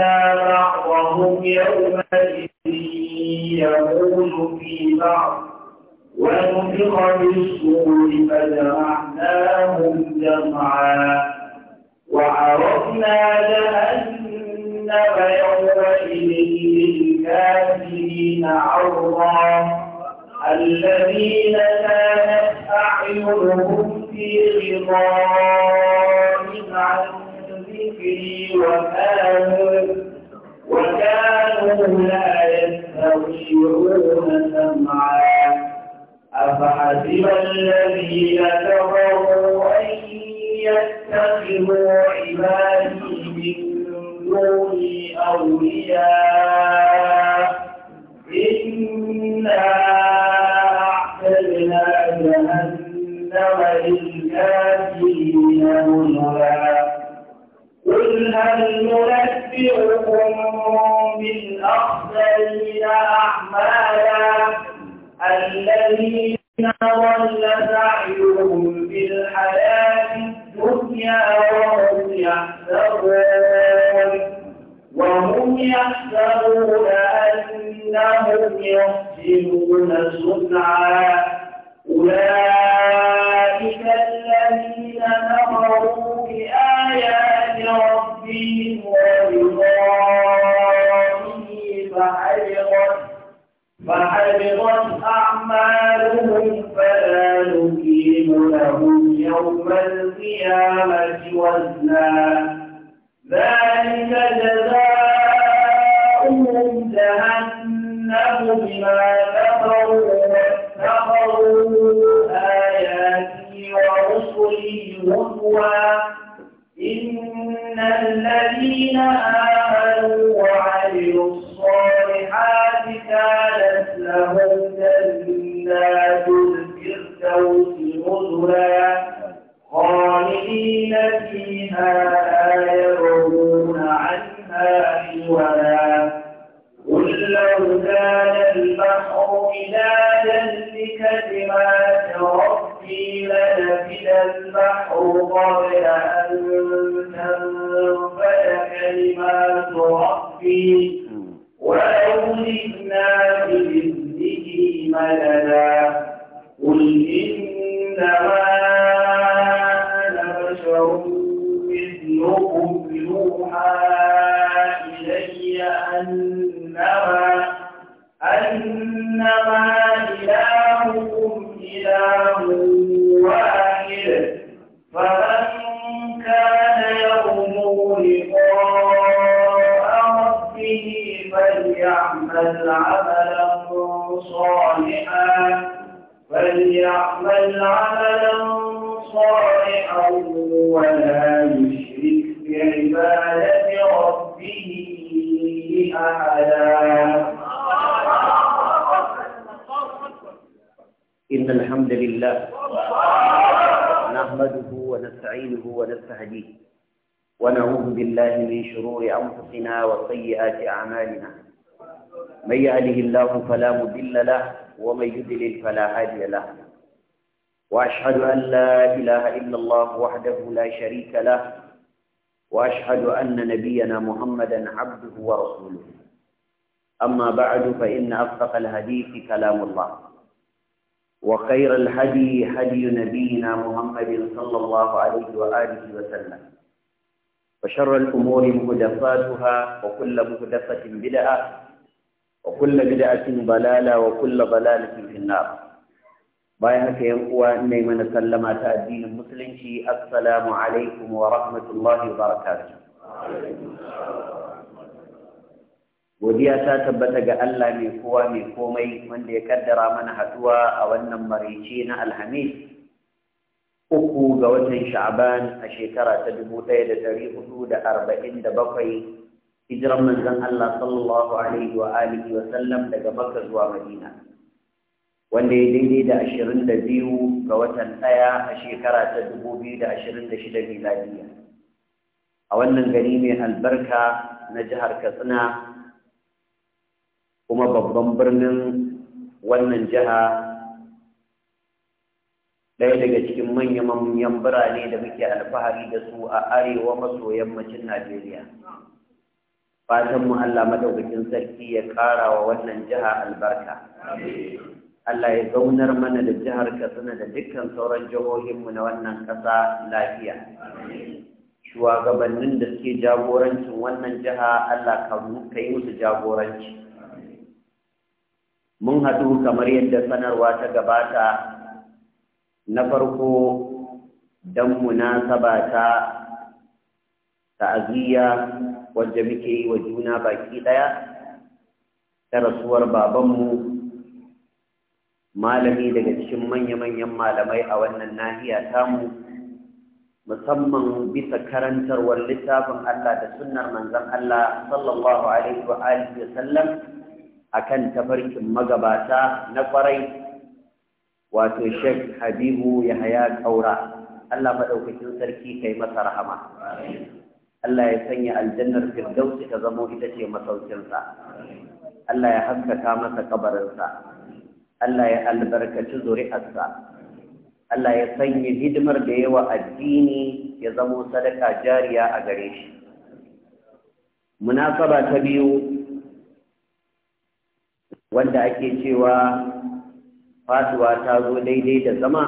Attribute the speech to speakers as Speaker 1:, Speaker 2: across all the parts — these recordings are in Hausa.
Speaker 1: بعضهم يومئذ يقول في بعض ونفخ بالصور فجمعناهم جمعا وعرفنا جهنم يومئذ للكافرين عرضا الذين كانت أعينهم في غضاء عن ذكري وكانوا وكانوا لا يستطيعون سمعا أفحسب الذين كفروا أن يتخذوا عبادي من دون أولياء إنا أعتدنا جهنم للكافرين نزلا قل هل ننبئكم بالأخسرين أعمالا الذين ضل سعيهم في الحياة الدنيا وهم يحسبون وهم يحسبون أنهم يحسنون صنعا أولئك الذين كفروا بآيات ربهم ولقائه فحبطت فحبطت أعمالهم فلا نقيم لهم يوم القيامة وزنا ذلك جزاؤهم جهنم بما كفروا اتخذوا آياتي ورسلي هزوا إن الذين آمنوا وعملوا الصالحات كانت لهم جنات الفردوس نزلا
Speaker 2: مضل له ومن يضلل فلا هادي له وأشهد أن لا إله إلا الله وحده لا شريك له وأشهد أن نبينا محمدا عبده ورسوله أما بعد فإن أصدق الحديث كلام الله وخير الهدي هدي نبينا محمد صلى الله عليه وآله وسلم وشر الأمور مهدفاتها وكل مهدفة بدعة وكل بدعة ضلالة وكل ضلالة في النار bayan haka yan uwa ne mana sallama ta addinin musulunci assalamu alaikum wa rahmatullahi wa barakatuh godiya ta tabbata ga Allah mai kowa mai komai wanda ya kaddara mana haduwa a wannan marici na alhamis uku ga watan sha'ban a shekara ta dubu ɗaya da ɗari hudu da arba'in da bakwai hijirar manzon Allah sallallahu alaihi wa alihi wa sallam daga Makka zuwa Madina wanda ya daidai da ashirin ga watan ɗaya a shekara ta dubu biyu miladiya a wannan gari mai albarka na jihar Katsina kuma babban birnin wannan jiha ɗaya daga cikin manya-manyan birane da muke alfahari da su a arewa maso yammacin Najeriya. fatan mu Allah madaukakin sarki ya kara wa wannan jiha albarka Allah ya zaunar mana da jihar Katsina da dukkan sauran jihohinmu na wannan ƙasa lafiya shugabannin da suke jagorancin wannan jiha Allah ka yi musu jagoranci mun haɗu kamar yadda sanarwa ta gabata na farko don munasaba ta ta'aziyya wanda muke yi wa juna baki daya ta rasuwar babanmu malami daga cikin manya-manyan malamai a wannan nahiya tamu musamman bisa karantarwar littafin Allah da sunnar manzon Allah sallallahu alaihi wa alihi sallam akan tafarkin magabata na kwarai wato shek Habibu Yahaya Kaura Allah maɗaukakin sarki kai masa rahama Allah ya sanya aljannar firdausi ta zamo ita ce masaukinsa Allah ya haskaka masa kabarinsa Allah ya albarkaci zuri'arsa Allah ya sanya hidimar da yawa addini ya zamo sadaka jariya a gare shi munasaba ta biyu wanda ake cewa fatuwa ta zo daidai da zama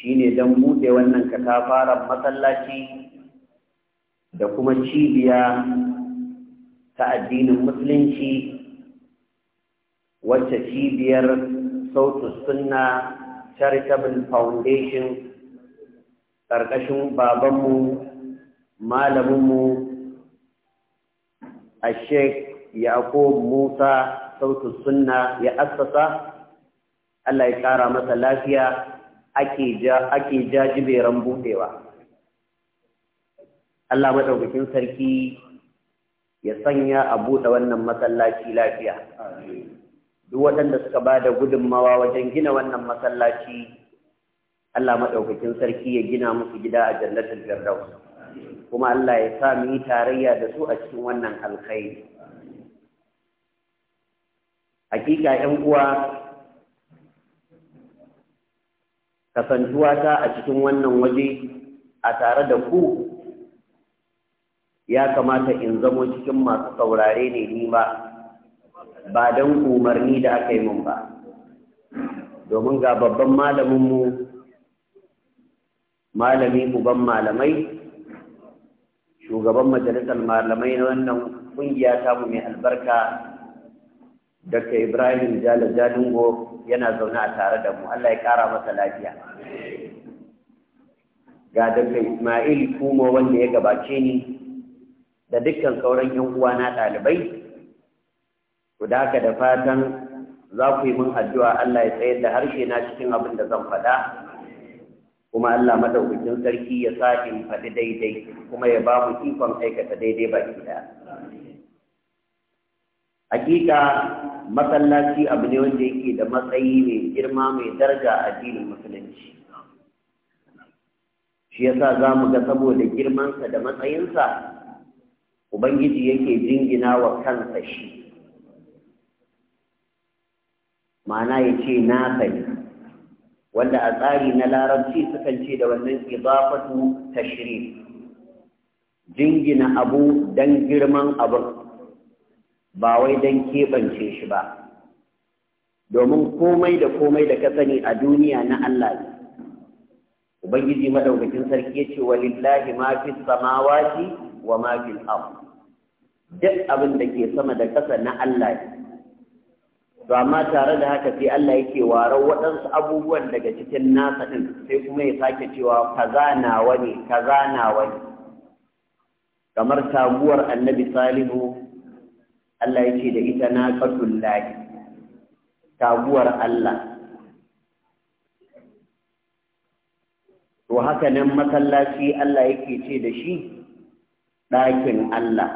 Speaker 2: shine dan buɗe wannan katafaran masallaci da kuma cibiya ta addinin musulunci wacce cibiyar sautus sunna charitable foundation ƙarƙashin babanmu malaminmu a sheik yaƙo musa sautus sunna ya assasa allah ya ƙara masa lafiya ake jajiberan buɗewa Allah maɗaukakin sarki ya sanya a buɗe wannan masallaci lafiya. Duk waɗanda suka ba da gudunmawa wajen gina wannan masallaci, Allah maɗaukakin sarki ya gina musu gida a jannatin Firdaus. Kuma Allah ya sa mu yi tarayya da su a cikin wannan alkhairi. Hakika ‘yan uwa, kasantuwa ta a cikin wannan waje a tare da ku ya kamata in zamo cikin masu saurare ne ni ba ba don umarni da aka yi mun ba domin ga babban malaminmu malami uban malamai shugaban majalisar malamai na wannan kungiya mu mai albarka Dr. Ibrahim jalajalingo yana zaune a tare da mu Allah ya kara masa lafiya ga Dr. Ismail kuma wanda ya gabace ni da dukkan sauran yan uwa na ɗalibai ku da da fatan za ku yi min addu'a Allah ya tsayar da harshe na cikin abin da zan faɗa kuma Allah madaukakin sarki ya sa in faɗi daidai kuma ya ba mu ikon aikata daidai ki ɗaya hakika masallaci abu ne wanda yake da matsayi mai girma mai daraja a addinin musulunci shi yasa za mu ga saboda girmansa da matsayinsa ubangiji yake jingina wa kansa shi ma'ana ya ce na sani wanda a tsari na larabci sukan ce da wannan ta tashrif jingina abu don girman abin ba wai don keɓance shi ba domin komai da komai da ka sani a duniya na Allah ne ubangiji madaukakin sarki ya ce walillahi ma fi samawati wa ma fil ard duk abin da ke sama da ƙasa na Allah ne to amma tare da haka sai Allah yake warar waɗansu abubuwan daga cikin nasa din sai kuma ya sake cewa kaza na wani. kaza na wani kamar tabuwar annabi salihu Allah yake da ita na ƙasun lahi tabuwar Allah to haka nan masallaci Allah yake ce da shi ɗakin Allah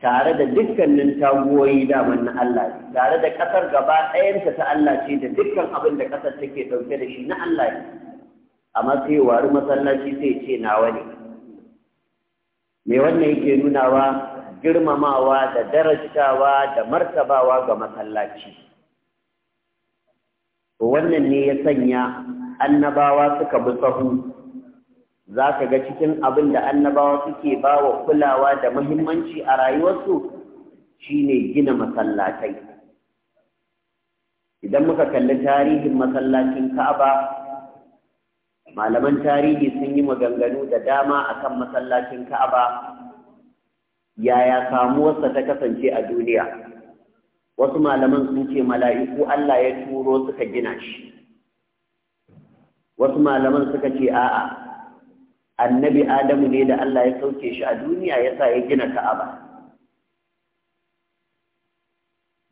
Speaker 2: tare da dukkanin taguwoyi daman na Allah ne tare da ƙasar gaba ɗayanta ta Allah ce da dukkan abin da ƙasar take ɗauke da shi na Allah ne amma sai wari masallaci sai ce nawa ne me wannan yake nunawa girmamawa da darajtawa da martabawa ga masallaci wannan ne ya sanya annabawa suka bi sahu za ka ga cikin abin da annabawa suke ba wa kulawa da muhimmanci a rayuwarsu shine gina masallatai idan muka kalli tarihin masallacin ka'aba malaman tarihi sun yi maganganu da dama akan masallacin ka'aba yaya samuwarsa ta kasance a duniya wasu malaman sun ce mala'iku Allah ya turo suka gina shi wasu malaman suka ce a'a annabi adamu ne da Allah ya sauke shi a duniya ya sa ya gina ka'aba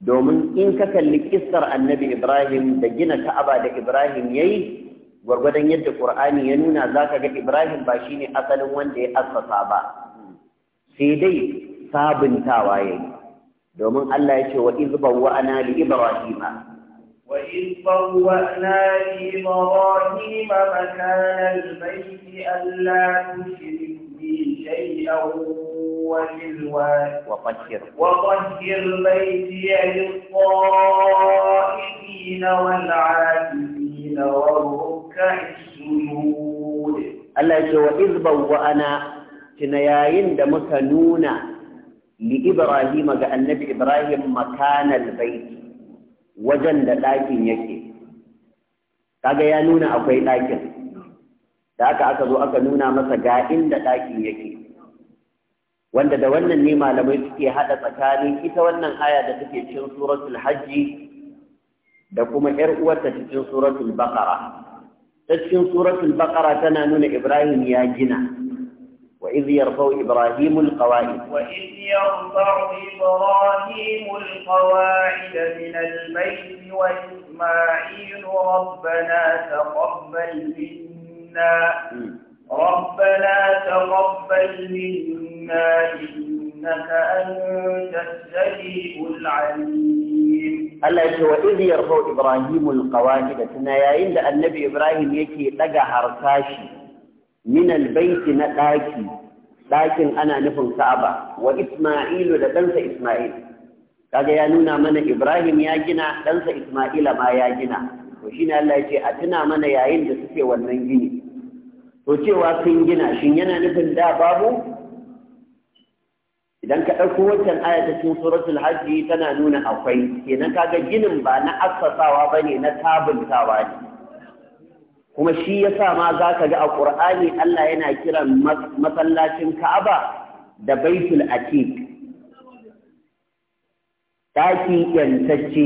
Speaker 2: domin in ka kalli kissar annabi ibrahim da gina ka'aba da ibrahim ya yi gwargwadon yadda ƙur'ani ya nuna za ka ga ibrahim ba shi ne asalin wanda ya assasa ba sai dai sabuntawa ya yi domin Allah ya ce wa izban wa'ana li ibrahima
Speaker 1: وإذ طوأنا لإبراهيم مكان البيت ألا تشرك بي شيئا وطهر وطهر بيتي للطائفين والعاكفين والركع السجود
Speaker 2: ألا يقول إذ بوأنا تنياين دمك نونا لإبراهيم قال النبي إبراهيم مكان البيت wajen da ɗakin yake kaga ya nuna akwai ɗakin da aka aka zo aka nuna masa ga inda ɗakin yake wanda da wannan ne malamai suke haɗa tsakanin ita wannan aya da take cikin suratul hajji da kuma ƴar uwarta cikin suratul baqara ta cikin suratul baqara tana nuna ibrahim ya gina وإذ يرفع إبراهيم القواعد وإذ
Speaker 1: يرفع إبراهيم القواعد من البيت وإسماعيل ربنا تقبل منا ربنا تقبل منا إنك أنت السميع العليم
Speaker 2: الله يقول وإذ يرفع إبراهيم القواعد تنايا عند النبي إبراهيم يكي لقى هرساشي minal baiti na ɗaki ɗakin ana nufin Ka'aba wa Isma'ilu da ɗansa Isma'il kaga ya nuna mana Ibrahim ya gina ɗansa Isma'ila ma ya gina to shine Allah ya ce a tuna mana yayin da suke wannan gini to cewa sun gina shin yana nufin da babu idan ka ɗauko wancan aya ta cikin suratul hajji tana nuna akwai kenan kaga ginin ba na assasawa bane na tabuntawa ne kuma shi ya sa ma za ka ga a ƙur'ani Allah yana kiran masallacin Ka'aba da Baitul Atiq ɗaki yantacce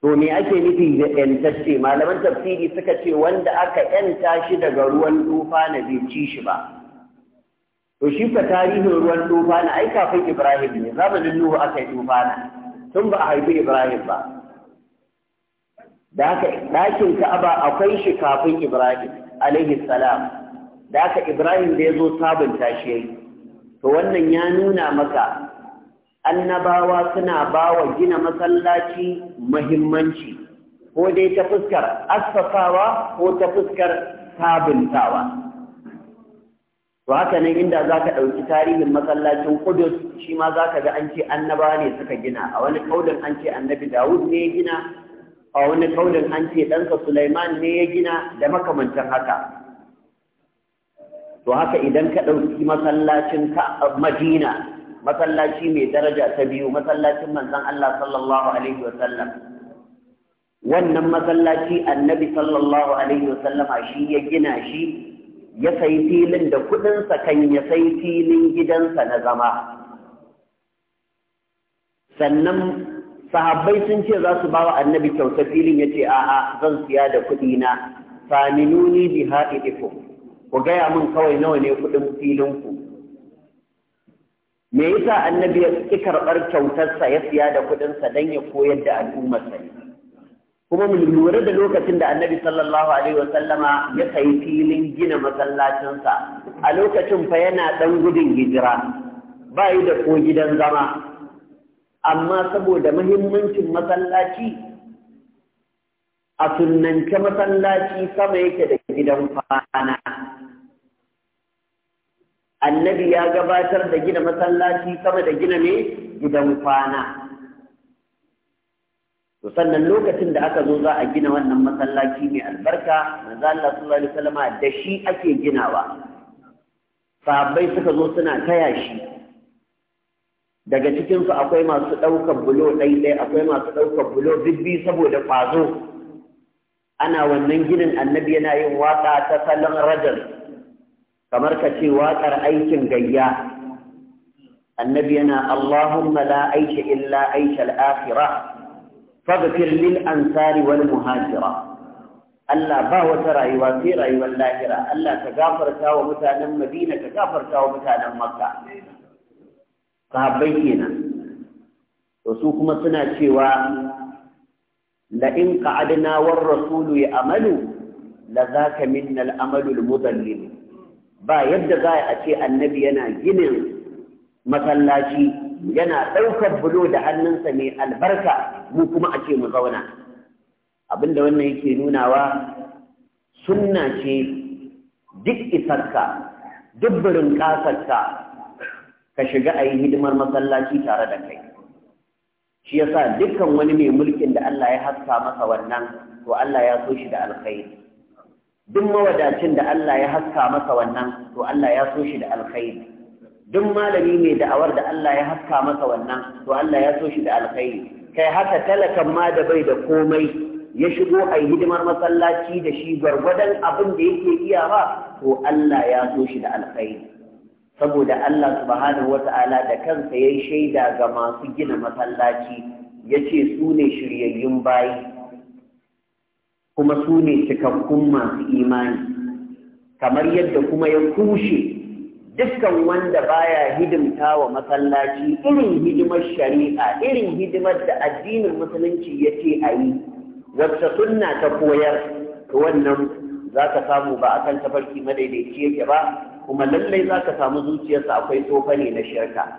Speaker 2: to me ake nufi da yantacce malaman tafsiri suka ce wanda aka yanta shi daga ruwan tufa na bai ci shi ba to shi ka tarihin ruwan na ai kafin Ibrahim ne zamanin Nuhu aka yi tufana tun ba a haifi Ibrahim ba da haka ɗakin ka'aba akwai shi kafin ibrahim alaihi salam da haka ibrahim da ya zo sabunta shi yayi to wannan ya nuna maka annabawa suna bawa gina masallaci muhimmanci ko dai ta fuskar asfafawa ko ta fuskar sabuntawa to haka nan inda za ka ɗauki tarihin masallacin kudus shi ma za ka ga an ce annabawa ne suka gina a wani kaudin an ce annabi dawud ne ya gina a wani kaunin an ce ɗansa Sulaiman ne ya gina da makamantan haka to haka idan ka ɗauki masallacin Madina masallaci mai daraja ta biyu masallacin manzon Allah sallallahu alaihi wasallam wannan masallaci annabi sallallahu alaihi a shi ya gina shi ya sai filin da kuɗinsa kan ya sai filin gidansa na zama sannan sahabbai sun ce za su bawa annabi kyautar filin ya ce a'a zan siya da kuɗi na nuni bi ha'idikum ku gaya min kawai nawa ne kuɗin filin ku me yasa annabi ya ki karɓar kyautarsa ya siya da kuɗinsa don ya koyar da al'ummarsa ne kuma mu lura da lokacin da annabi sallallahu alaihi wa sallama ya kai filin gina masallacinsa a lokacin fa yana ɗan gudun hijira ba yi da ko gidan zama amma saboda mahimmancin masallaci a sunance masallaci sama yake da gidan fana. annabi ya gabatar da gina masallaci sama da gina ne gidan fana. to sannan lokacin da aka zo za a gina wannan masallaci mai albarka manzo Allah sallallahu alaihi wasallama da shi ake ginawa Sabai suka zo suna taya shi daga cikinsu akwai masu ɗaukar bulo ɗaiɗai akwai masu ɗaukar bulo bibbi saboda ƙwazo ana wannan ginin annabi yana yin waƙa ta salon rajar kamar ka ce waƙar aikin gayya annabi yana Allahumma la aisha illa aisha al faghfir lil ansari wal muhajira Allah ba wata rayuwa sai rayuwar lahira Allah ka gafarta wa mutanen Madina ka gafarta wa mutanen Makka sahabbai kenan to su kuma suna cewa la in qa'adna war rasulu ya'malu la zaka minna al mudallil ba yadda za a ce annabi yana ginin masallaci yana ɗaukar bulo da hannunsa mai albarka mu kuma a ce mu zauna abinda wannan yake nunawa sunna ce duk isarka duk burin kasarka ka shiga a yi hidimar masallaci tare da kai shi yasa dukkan wani mai mulkin da Allah ya haska masa wannan to Allah ya so shi da alkhairi duk mawadacin da Allah ya haska masa wannan to Allah ya so shi da alkhairi duk malami mai da'awar da Allah ya haska masa wannan to Allah ya so shi da alkhairi kai haka talakan ma da bai da komai ya shigo a yi hidimar masallaci da shi gwargwadon abin da yake iya ba to Allah ya so shi da alkhairi saboda Allah subhanahu wata'ala da kansa ya shaida ga masu gina masallaci ya ce su ne shiryayyun bayi kuma su ne cikakkun masu imani kamar yadda kuma ya kushe dukkan wanda baya hidimta wa masallaci irin hidimar shari'a irin hidimar da addinin musulunci ya ce a yi wacce sunna ta koyar wannan za ka samu ba a kan tafarki madaidaici yake ba kuma lallai za ka samu zuciyarsa akwai tsofane na shirka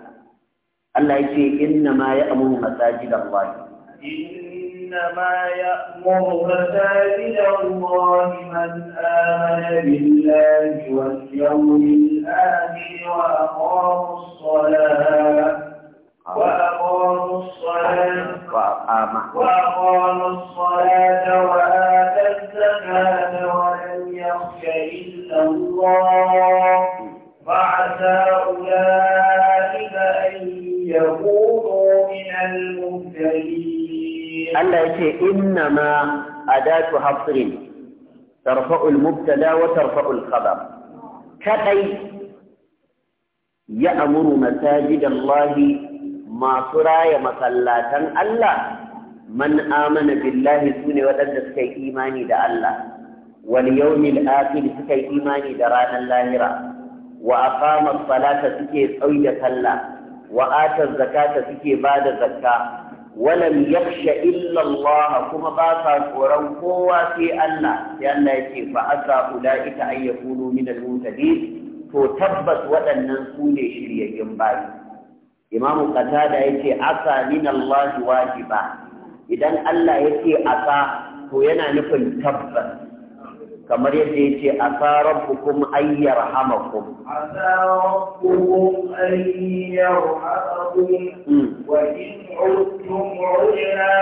Speaker 2: Allah ya ce inna ma ya amuru masajid Allah
Speaker 1: inna ma ya amuru masajid Allah man amana billahi wal yawmil akhir wa aqama
Speaker 3: as-salah وأقاموا الصلاة
Speaker 1: وأقاموا الصلاة وآتى الزكاة ولم يخش إلا الله فعسى أولئك أن يكونوا من المهتدين.
Speaker 2: ألا يقول إنما أداة حصر ترفع المبتدا وترفع الخبر كأي يأمر مساجد الله masu raya masallatan Allah man amana billahi sune waɗanda suka yi imani da Allah wal yawmil akhir suka yi imani da ranar lahira wa aqama salata suke tsayi da sallah wa ata zakata suke bada zakka walam yakhsha illa Allah kuma ba sa tsoron kowa sai Allah sai Allah yake fa asa ulaika an yakunu min al-muhtadin to tabbas waɗannan su ne shiryayyen bayi imamu qatada yace asa min Allah wajiba idan Allah yace asa to yana nufin tabbas kamar yadda yace asa rabbukum ay yarhamakum
Speaker 1: asa rabbukum ay yarhamakum hmm. wa in udtum udna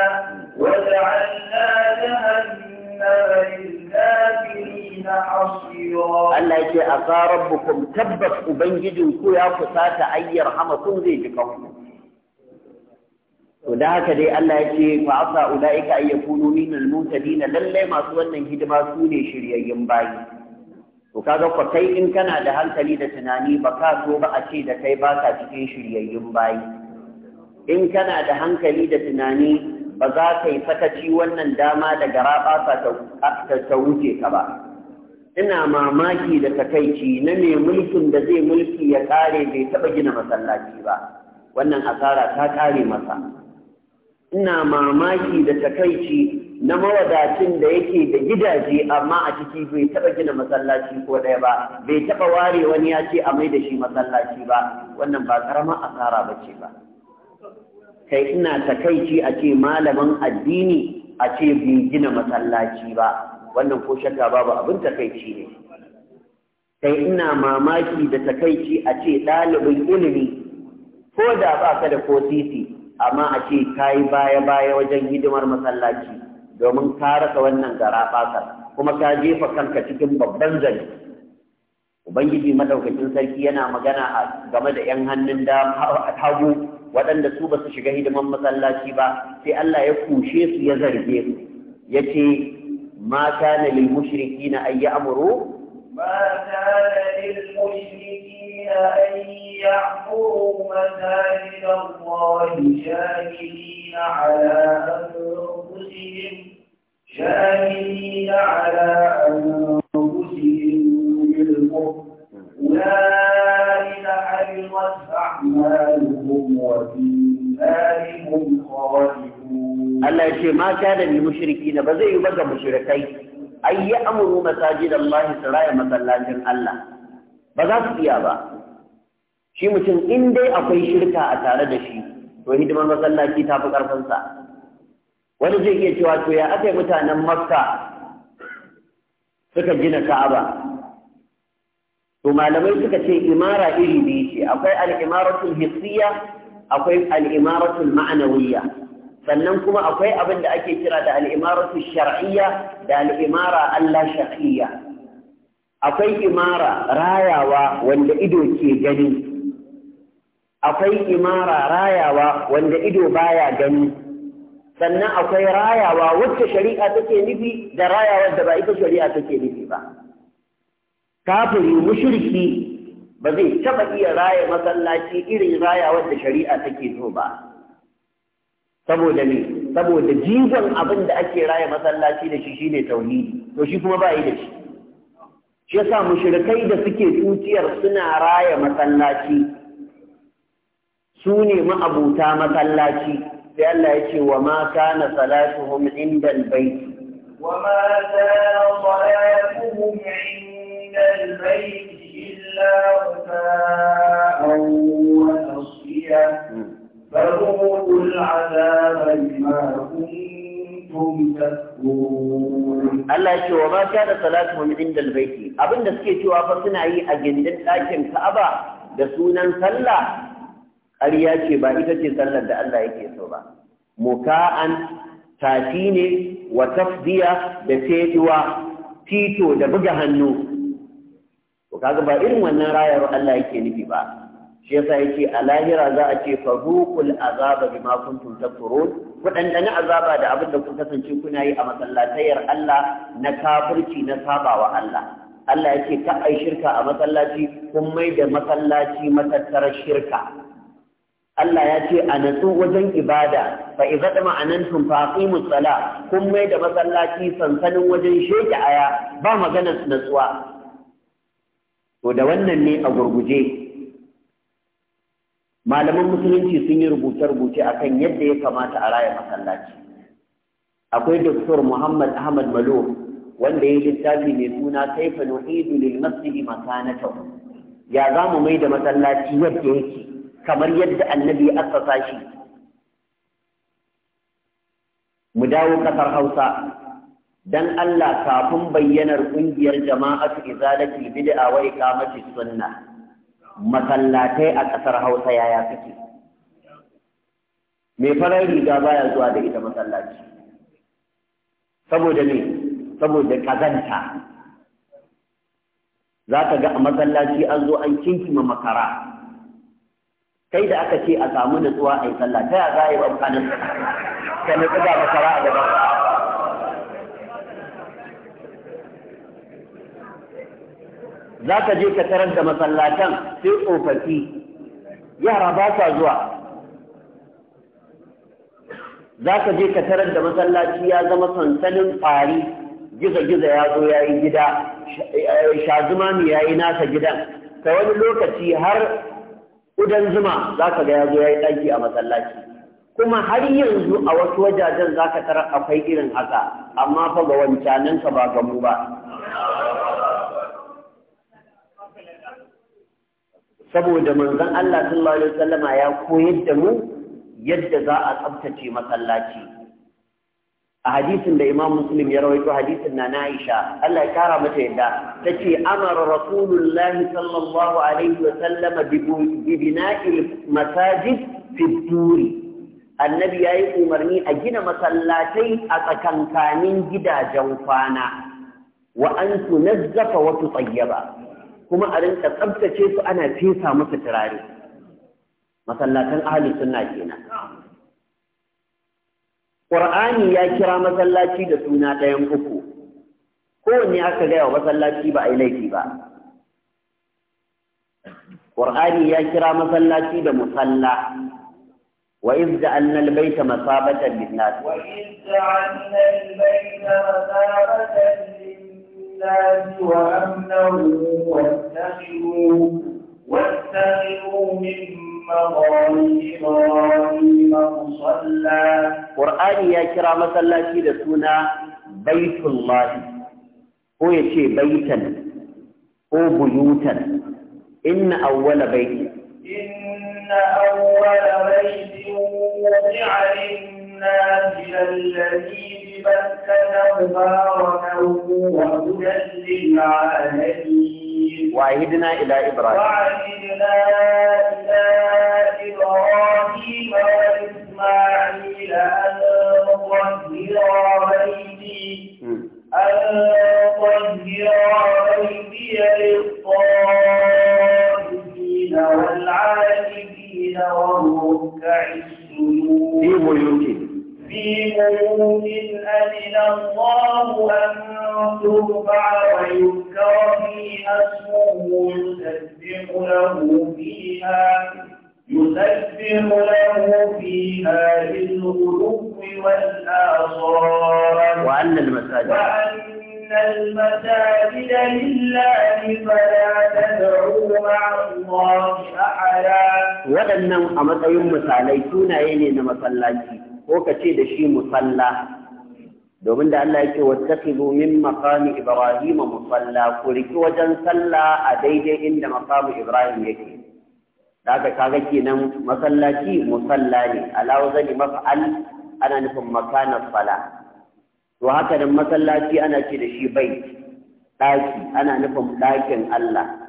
Speaker 1: wa ja'alna jahannama
Speaker 2: Allah yake a rabbukum tabbas ubangijin ku ya kusata ayyar hamakun zai ji kanku to da haka dai Allah yake fa asa ulaika ay yakunu minal dina lallai masu wannan hidima su ne shiryayyen bayi to kaga ko kai in kana da hankali da tunani ba ka so ba a ce da kai ba ka cikin shiryayyun bayi in kana da hankali da tunani ba za ka yi sakaci wannan dama da garaɓasa ta wuce ka ba ina mamaki da takaici na mai mulkin da zai mulki ya kare bai taɓa gina masallaci ba wannan asara ta kare masa ina mamaki da takaici na mawadacin da yake da gidaje amma a ciki bai taɓa gina masallaci ko ɗaya ba bai taɓa ware wani ya ce a mai da shi masallaci ba wannan ba ƙaramar asara ba ce ba kai ina takaici a ce malamin addini a ce bai gina masallaci ba wannan ko shakka babu abin takaici ne kai ina mamaki da takaici a ce ɗalibin ilimi ko da ba ka da ko titi, amma a ce ka yi baya-baya wajen hidimar masallaci domin ka rasa wannan garaɓasa kuma ka jefa kanka cikin babban zari ubangiji madaukakin sarki yana magana game da 'yan hannun hagu waɗanda su ba su shiga hidiman masallaci ba sai Allah ya kushe su ya zarge su yace ma kana lil mushrikina ay ya'muru
Speaker 1: ma kana lil mushrikina ay ya'muru masajid Allah shahidina ala anfusihim shahidina ala anfusihim bil kufr أولئك حبطت
Speaker 2: أعمالهم Allah ya ce ma ni mushriki na ba zai yi ba ga mushrikai ay amuru masajid Allah saraya masallacin Allah ba za su iya ba shi mutum in dai akwai shirka a tare da shi to hidimar masallaci ta fi karfin wani zai iya cewa to ya aka yi mutanen Makka suka gina Ka'aba to malamai suka ce imara iri biyu ce akwai al-imaratul hissiya akwai al'imaratul ma'anawiyya sannan kuma akwai abin da ake kira da al'imaratul shar'iyya da al'imara Allah shar'iyya akwai imara rayawa wanda ido ke gani akwai imara rayawa wanda ido baya gani sannan akwai rayawa wacce shari'a take nufi da rayawar da ba ita shari'a take nufi ba kafiri mushriki ba zai taɓa iya raya masallaci irin raya wadda shari'a take so ba saboda ne saboda jigon abin da ake raya masallaci da shi shine tauhidi to shi kuma ba yi da shi shi yasa mushrikai da suke tuciyar suna raya masallaci su ne ma'abuta masallaci sai Allah ya ce wa ma kana salatuhum inda albayt
Speaker 1: wa ma kana salatuhum inda albayt وفاء ونصيا فذوقوا العذاب بما كنتم تكفرون
Speaker 2: الله يشوى وما كان صلاتهم عند البيت أبن نسكي شوى فسنا أي أجندة لكن كأبا da sunan sallah ƙarya ce ba ita ce sallar da Allah yake so ba muka'an sati ne wa tafdiya da tetuwa tito da buga hannu to kaga ba irin wannan rayar Allah yake nufi ba shi yasa yake a lahira za a ce fazuqul azaba bima kuntum takfurun ku dandana azaba da abin da ku kasance kuna yi a masallatayyar Allah na kafirci na sabawa Allah Allah yake ka ai shirka a masallaci kun mai da masallaci matattarar shirka Allah ya ce a natsu wajen ibada fa iza da ma'anantum fa aqimus sala kun mai da masallaci sansanin wajen sheke aya ba maganar natsuwa to da wannan ne a gurguje malaman musulunci sun yi rubuce-rubuce akan yadda ya kamata a raya masallaci akwai doktor muhammad ahmad malo wanda ya littafi mai suna kaifa nu'idu lil masjidi makanata. ya za mu mai da masallaci yadda yake kamar yadda annabi ya assasa shi mu dawo ƙasar hausa dan Allah kafin bayyanar ƙungiyar jama'atu izalatul bid'a wa iqamati sunna masallatai a ƙasar Hausa yaya suke me farar riga baya zuwa da ita masallaci saboda ne saboda kazanta za ka ga a masallaci an zo an kinkima makara kai da aka ce a samu nutsuwa a yi sallah ta ya za a yi ba ka nutsu ga makara a gaban za ka je ka tarar da masallatan sai tsofaffi yara ba sa zuwa za ka je ka tarar da masallaci ya zama sansanin ƙwari giza-giza ya zo ya yi gida mai ya yi nasa gidan ta wani lokaci har ƙudan zuma za ka ga ya zo ya yi ɗaki a masallaci kuma har yanzu a wasu wajajen za ka tarar akwai irin haka amma fa ga ka ba gamu ba saboda manzon Allah sallallahu alaihi wasallama ya koyar da mu yadda za a tsaftace masallaci a hadisin da Imam Muslim ya rawaito hadisin na Aisha Allah ya kara mata yadda tace amara Rasulullah sallallahu alaihi wasallama bi bina'il masajid fi duri annabi ya yi umarni a gina masallatai a tsakankanin gidajen kwana wa an tunazzafa wa tsayyaba kuma a rinka tsabtace su ana fesa musu turare masallatan ahli sunna kenan Qur'ani ya kira masallaci da suna ɗayan uku kowanne aka gaya wa masallaci ba a yi laifi ba Qur'ani ya kira masallaci da musalla وإذ جعلنا البيت مثابة للناس وإذ
Speaker 1: جعلنا البيت مثابة
Speaker 2: masallaci da suna baitun baitullahi ko ya ce baitan ko buyutan inna awwala baiti
Speaker 1: inna awwala baiti wudi'a lin-nasi alladhi bi Bakkah mubarakan wa hudan lil-'alamin وعهدنا إلى إبراهيم وعهدنا إلى إبراهيم وإسماعيل أن طهر بيتي أن طهر بيتي للطائفين
Speaker 4: والعاكفين والركع السجود في بيوتهم
Speaker 1: في بيوت أذن الله أن ترفع ويذكر فيها اسمه يسبح له فيها يسبح له فيها بالغلو والآصال وأن المساجد وأن المساجد لله فلا تدعوا مع الله أحدا
Speaker 2: waɗannan a matsayin misalai sunaye ne na ko ka ce da shi musalla domin da Allah yake wattakhidhu min maqami ibrahim musalla ku riki wajen sallah a daidai inda maqamu ibrahim yake daga kaga kenan masallaci musalla ne alawa zani maf'al ana nufin makanar sala to haka nan masallaci ana ce da shi bai ɗaki ana nufin ɗakin Allah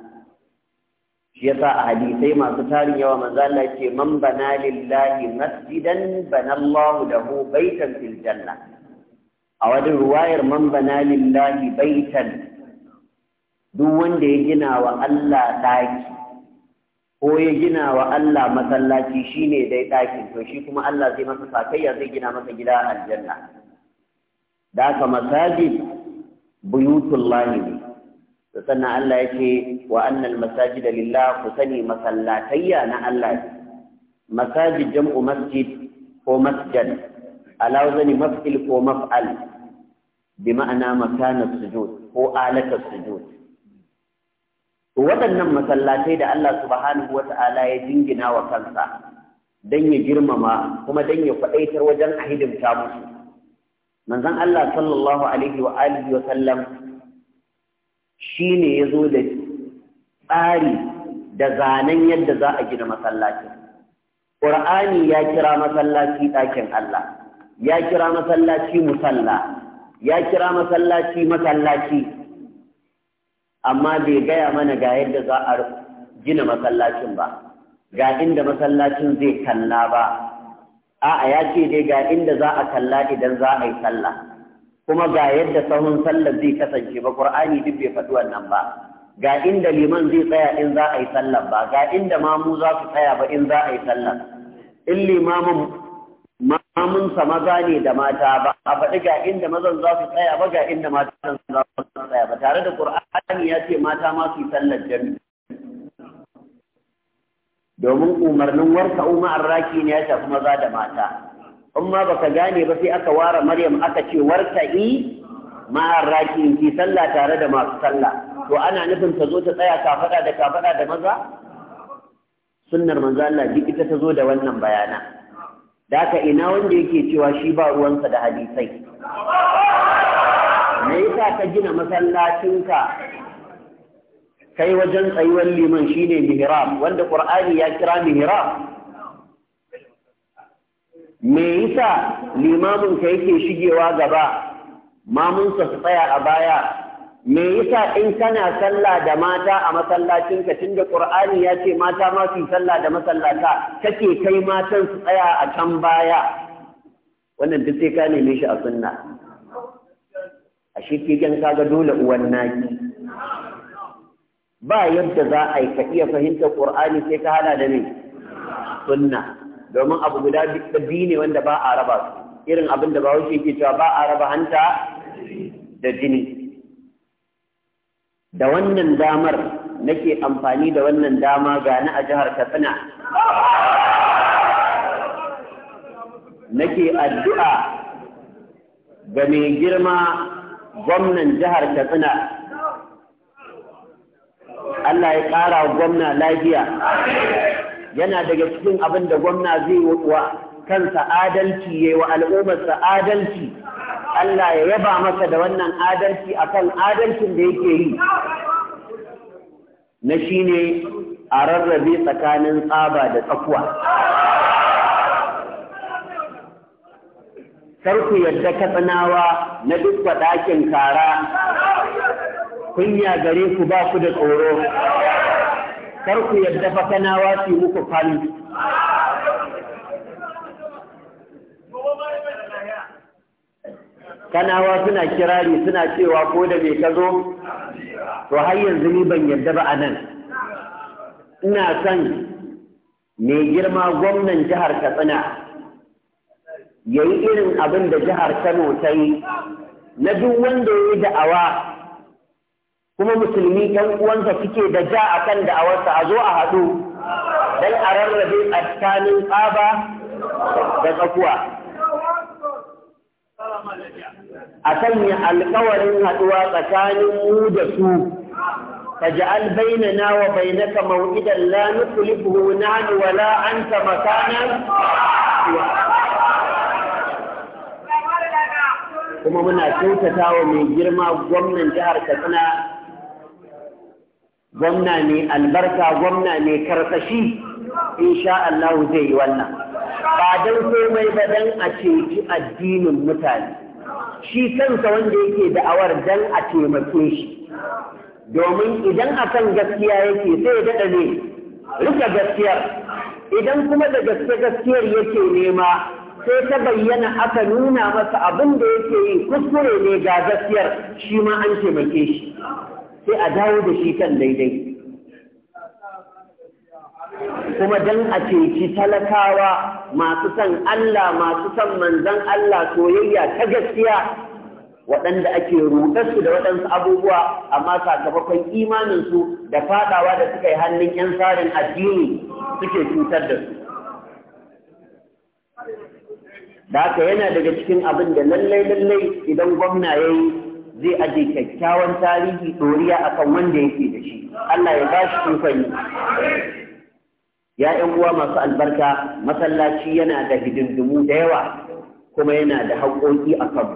Speaker 2: shi yasa a hadisai masu tarin yawa manzo Allah ce man bana lillahi masjidan bana Allah lahu baitan fil janna a wajen ruwayar man bana lillahi baitan duk wanda ya gina wa Allah daki ko ya gina wa Allah masallaci shine dai daki to shi kuma Allah zai masa sakayya zai gina masa gida aljanna da ka masajid buyutullahi ne sannan Allah ya ce wa annal masajida lillah ku sani masallatayya na Allah masajid jam'u masjid ko masjad alaw zani maf'il ko maf'al bi ma'ana makanas sujud ko alatas sujud waɗannan masallatai da Allah subhanahu wata'ala ya jingina wa kansa don ya girmama kuma don ya faɗaitar wajen a hidimta musu manzon Allah sallallahu alaihi wa alihi wa sallam shi ne ya zo da tsari da zanen yadda za a gina masallaci ƙur'ani ya kira masallaci ɗakin Allah ya kira masallaci musalla ya kira masallaci masallaci amma bai gaya mana ga yadda za a gina masallacin ba ga inda masallacin zai kalla ba a'a ya ce dai ga inda za a kalla idan za a yi sallah kuma ga yadda sahun sallar zai kasance ba qur'ani duk bai faɗi wannan ba ga inda liman zai tsaya in za a yi sallar ba ga inda mamu za su tsaya ba in za a yi sallar in limamin mamun sa maza ne da mata ba a faɗi ga inda mazan za su tsaya ba ga inda matan za su tsaya ba tare da qur'ani ya ce mata ma su yi sallar jami'i domin umarnin warka umar raki ne ya shafi maza da mata in ma baka gane ba sai aka ware maryam aka ce warta'i ma'ar raki'in ki sallah tare da masu sallah to ana nufin ta zo ta tsaya kafada da kafada da maza sunnar manzo Allah duk ita ta zo da wannan bayana da ina wanda yake cewa shi ba ruwansa da hadisai me yasa ka gina masallacinka kai wajen tsayuwar liman shine mihrab wanda qur'ani ya kira mihrab me yasa limamin ka yake shigewa gaba mamunsa su tsaya a baya me yasa in kana sallah da mata a masallacin ka tunda qur'ani ya ce mata ma su sallah da masallata kake kai matan su tsaya a can baya wannan duk sai ka neme shi a sunna a shi ka kaga dole uwan naki ba yadda za a yi ka iya fahimtar qur'ani sai ka hada da ne sunna domin abu guda biyu ne wanda ba a raba su irin abin da wuce ke cewa ba a raba hanta da jini da wannan damar nake amfani da wannan dama ga na a jihar katsina nake addu'a ga mai girma gwamnan jihar katsina Allah ya ƙara gwamna lafiya. yana daga cikin abin da gwamna zai wa kansa adalci ya yi wa al'ummarsa adalci Allah ya yaba masa da wannan adalci a kan adalcin da yake yi na shi ne a rarrabe tsakanin tsaba da tsakuwa ku yadda katsinawa na duk ɗakin kara kunya gare ku ba ku da tsoro kar ku fa kana su muku fali kanawa suna kirari suna cewa ko da me ka zo
Speaker 3: to har yanzu ni ban yadda ba a nan
Speaker 2: ina son mai girma gwamnan jihar katsina ya yi irin abin da jihar kano ta yi na duk wanda ya yi da'awa kuma musulmi ɗan uwansa suke da ja a kan da'awarsa a zo a haɗu don a rarrabe tsakanin tsaba da tsakuwa
Speaker 3: a sanya alkawarin
Speaker 2: haɗuwa tsakanin mu da su فاجعل بيننا وبينك موعدا لا نخلفه نحن ولا أنت مكانا kuma muna kyautata wa mai girma gwamnan jihar katsina gwamna mai albarka gwamna mai karkashi insha Allah zai yi wannan ba don komai ba don a ceci addinin mutane shi kansa wanda yake da'awar don a taimake shi domin idan akan gaskiya yake sai daɗa ne rika gaskiyar idan kuma da gaske gaskiyar yake nema sai ta bayyana aka nuna masa abin da yake yi kuskure ne ga gaskiyar shi ma an taimake shi sai a dawo da shi kan daidai kuma don a ceci talakawa masu son Allah masu san manzan Allah soyayya ta gaskiya waɗanda ake su da waɗansu abubuwa amma sakamakon imaninsu da faɗawa da suka yi hannun 'yan tsarin addini suke cutar da su. Da haka yana daga cikin abin da lallai-lallai idan gwamna ya yi zai aje kyakkyawan tarihi a akan wanda yake da shi Allah ya bashi shi yi ya 'yan uwa masu albarka masallaci yana da hidindimu da yawa kuma yana da haƙoƙi a kan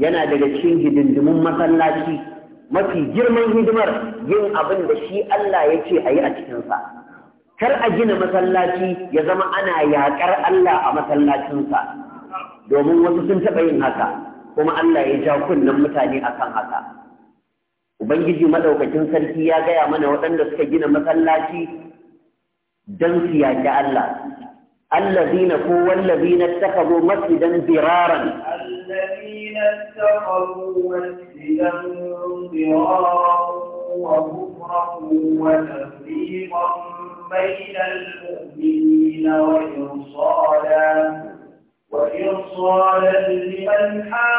Speaker 2: yana daga cikin hidindimun masallaci mafi girman hidimar yin abin da shi Allah ya ce a yi a cikinsa kar a gina masallaci ya zama ana yaƙar Allah a masallacinsa domin wasu sun taɓa yin haka kuma Allah ya ja kunnan mutane akan haka ubangiji madaukakin sarki ya ga ya mana waɗanda suka gina masallaci dan siya ga Allah الذين هو والذين اتخذوا مسجدا ضرارا
Speaker 1: الذين اتخذوا مسجدا ضرارا وكفرا وتفريقا بين المؤمنين وإرصادا وإرصادا لمن حارب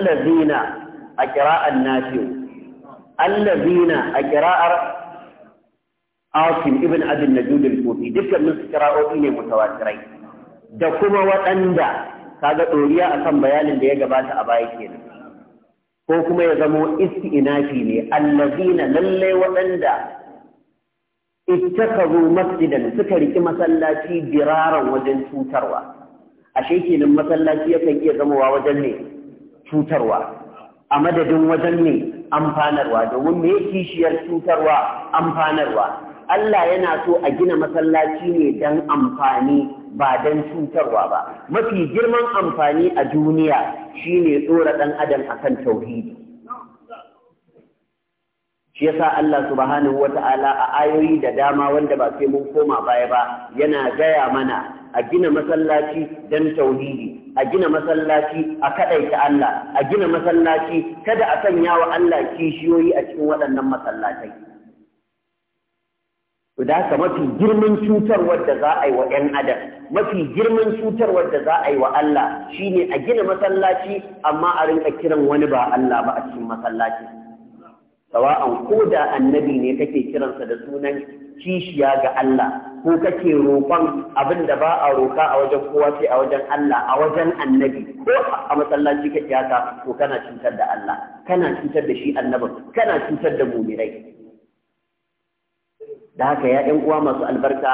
Speaker 1: allazina
Speaker 2: a kira'an nafi'u allazina a kira'ar asim ibn abin najud al Kofi dukkanin su kira'o'i ne mutawatirai da kuma waɗanda kaga a kan bayanin da ya gabata a baya nan, ko kuma ya zamo inafi ne allazina lallai waɗanda zo masjidan suka riki masallaci biraran wajen cutarwa ashe kenan masallaci yakan iya zamowa wajen ne cutarwa a madadin wajen ne amfanarwa domin me kishiyar cutarwa amfanarwa Allah yana so a gina masallaci ne don amfani ba don cutarwa ba mafi girman amfani a duniya shine tsora ɗan adam kan tauhidi shi yasa Allah subhanahu wata'ala a ayoyi da dama wanda ba sai mun koma baya ba yana gaya mana a gina masallaci don tauhidi a gina masallaci a kadaita Allah a gina masallaci kada a sanya wa Allah kishiyoyi a cikin waɗannan masallatai da haka mafi girman cutar wadda za a yi wa ‘yan adam mafi girman cutar wadda za a yi wa Allah shine a gina masallaci amma a rinka kiran wani ba Allah ba a cikin masallaci sawa'an ko da annabi ne kake kiransa da sunan kishiya ga Allah ko kake roƙon abin da ba a roƙa a wajen kowa sai a wajen Allah a wajen annabi ko a masallaci kake haka to kana cutar da Allah kana cutar da shi annabin kana cutar da mumirai da haka ya ɗan uwa masu albarka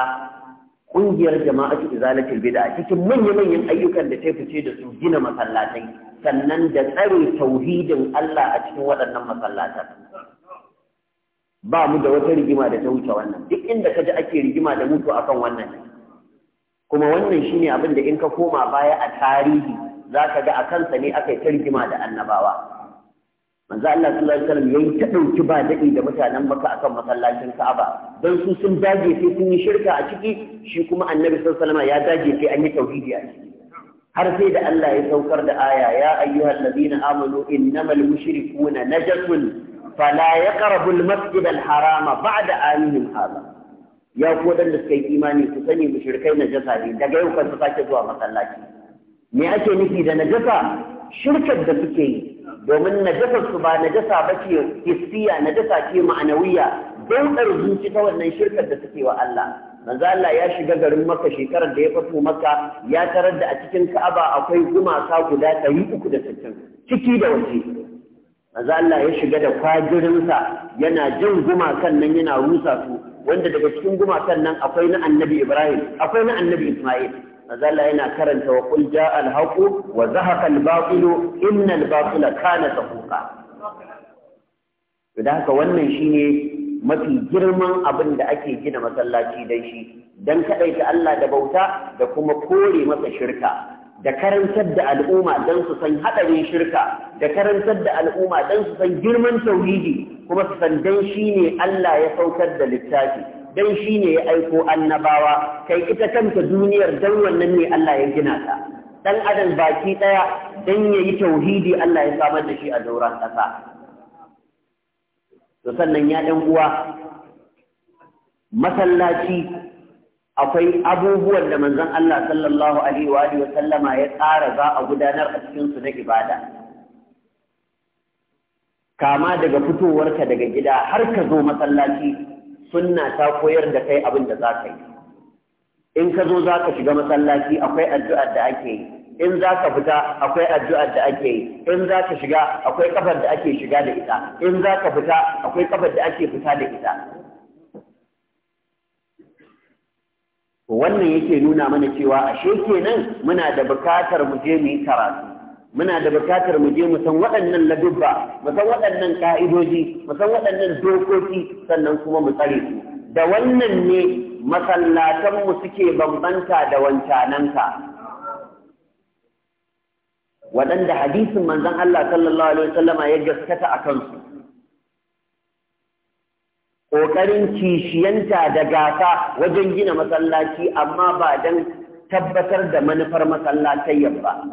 Speaker 2: ƙungiyar jama'atu izalatul bid'a cikin manya-manyan ayyukan da ta fice da su gina masallatai sannan da tsare tauhidin Allah a cikin waɗannan masallatan ba mu da wata rigima da ta wuce wannan duk inda ka ji ake rigima da mutu akan wannan kuma wannan shine abin da in ka koma baya a tarihi za ka ga a kansa ne aka yi ta rigima da annabawa manzo Allah sallallahu alaihi wasallam yayi ta dauki ba dadi da mutanen baka akan masallacin Ka'aba dan su sun dage sai sun yi shirka a ciki shi kuma annabi sallallahu alaihi wasallam ya dage sai an yi tauhidi a ciki har sai da Allah ya saukar da aya ya ayyuhallazina amanu innamal mushrikuuna najasun fala ya al-masjid al-harama ba'da amihim hadha ya ko da suka yi imani ku sani mushrikai najasa ne daga yau kan su sake zuwa masallaci me ake nufi da najasa shirkar da suke yi domin najasar su ba najasa ba ce hissiya najasa ce ma'anawiya dauɗar zuci ta wannan shirkar da suke wa Allah manzo Allah ya shiga garin Makka shekarar da ya fito Makka ya tarar da a cikin Ka'aba akwai gumaka guda da 360 ciki da waje maza Allah ya shiga da kwajirinsa yana jin gumakan nan yana rusa su wanda daga cikin gumakan nan akwai na annabi Ibrahim akwai na annabi Ismail maza Allah yana karanta wa qul ja'al haqu wa zahaqa al-batil inna al-batila kana zahuqa haka wannan shine mafi girman abin da ake gina masallaci dan shi dan kadaita Allah da bauta da kuma kore masa shirka da karantar da al'umma don su san haɗarin shirka da karantar da al'umma don su san girman tauhidi kuma su san don shi ne Allah ya saukar da littafi don shi ne ya aiko annabawa kai ita kanta duniyar don wannan ne Allah ya gina ta dan adam baki ɗaya don ya yi tauhidi Allah ya samar da shi a dauran ƙasa to ya ɗan uwa masallaci akwai abubuwan da manzon Allah sallallahu alaihi wa sallama ya tsara za a gudanar a cikin su na ibada kama daga fitowarka daga gida har ka zo masallaci sunna ta koyar da kai abin da za ka yi in ka zo za ka shiga masallaci akwai addu'ar da ake yi in za ka fita akwai addu'ar da ake yi in za ka shiga akwai kafar da ake shiga da ita in za ka fita akwai kafar da ake fita da ita wannan yake nuna mana cewa ashe kenan muna da bukatar mu je mu yi karatu muna da bukatar mu je mu san waɗannan ladubba mu san waɗannan ka'idoji mu san waɗannan dokoki sannan kuma mu tsare su da wannan ne masallatan mu suke bambanta da wancananka waɗanda hadisin manzon Allah sallallahu alaihi wasallama ya gaskata a kansu ƙoƙarin kishiyanta da gasa wajen gina masallaci amma ba don tabbatar da manufar masallatayyar ba.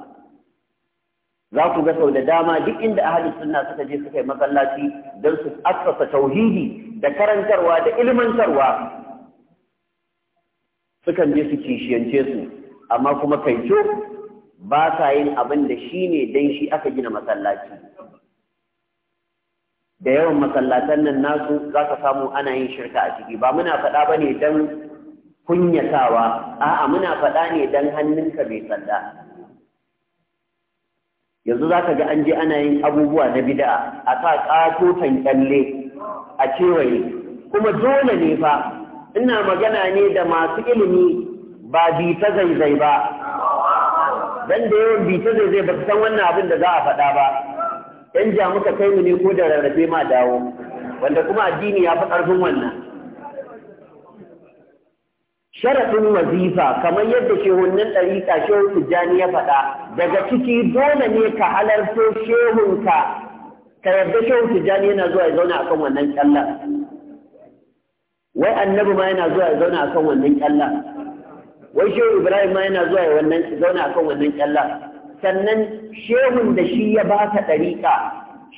Speaker 2: Za ku ga sau da dama duk inda ahli suna suka je suka yi masallaci don su asasa tauhidi da karantarwa da ilmantarwa sukan je su kishiyance su amma kuma kai ba sa yin abin da shi ne don shi aka gina masallaci. da yawan masallatan nan nasu za ka samu ana yin shirka a ciki ba muna faɗa ba ne don kunyatawa a'a muna faɗa ne don hannunka mai sanda yanzu za ka ga an je ana yin abubuwa na bida'a a sa ƙatotan ƙyalle a cewaye kuma dole ne fa ina magana ne da masu ilimi ba bita zaizai ba
Speaker 3: dan da yawan bita zaizai ba san wannan abin da za a faɗa
Speaker 2: ba yan ja muka kai mu ne ko da rarrafe ma dawo wanda kuma addini ya fi ƙarfin wannan Sharafin wazifa kamar yadda shehunnin ɗarika shehun tijjani ya faɗa daga ciki dole ne ka halarto shehunka ka yarda shehun tijjani yana zuwa ya zauna akan wannan kyallar wai annabi ma yana zuwa ya zauna akan wannan kyallar wai shehu ibrahim ma yana zuwa ya zauna akan wannan kyallar sannan shehun da shi ya baka ɗariƙa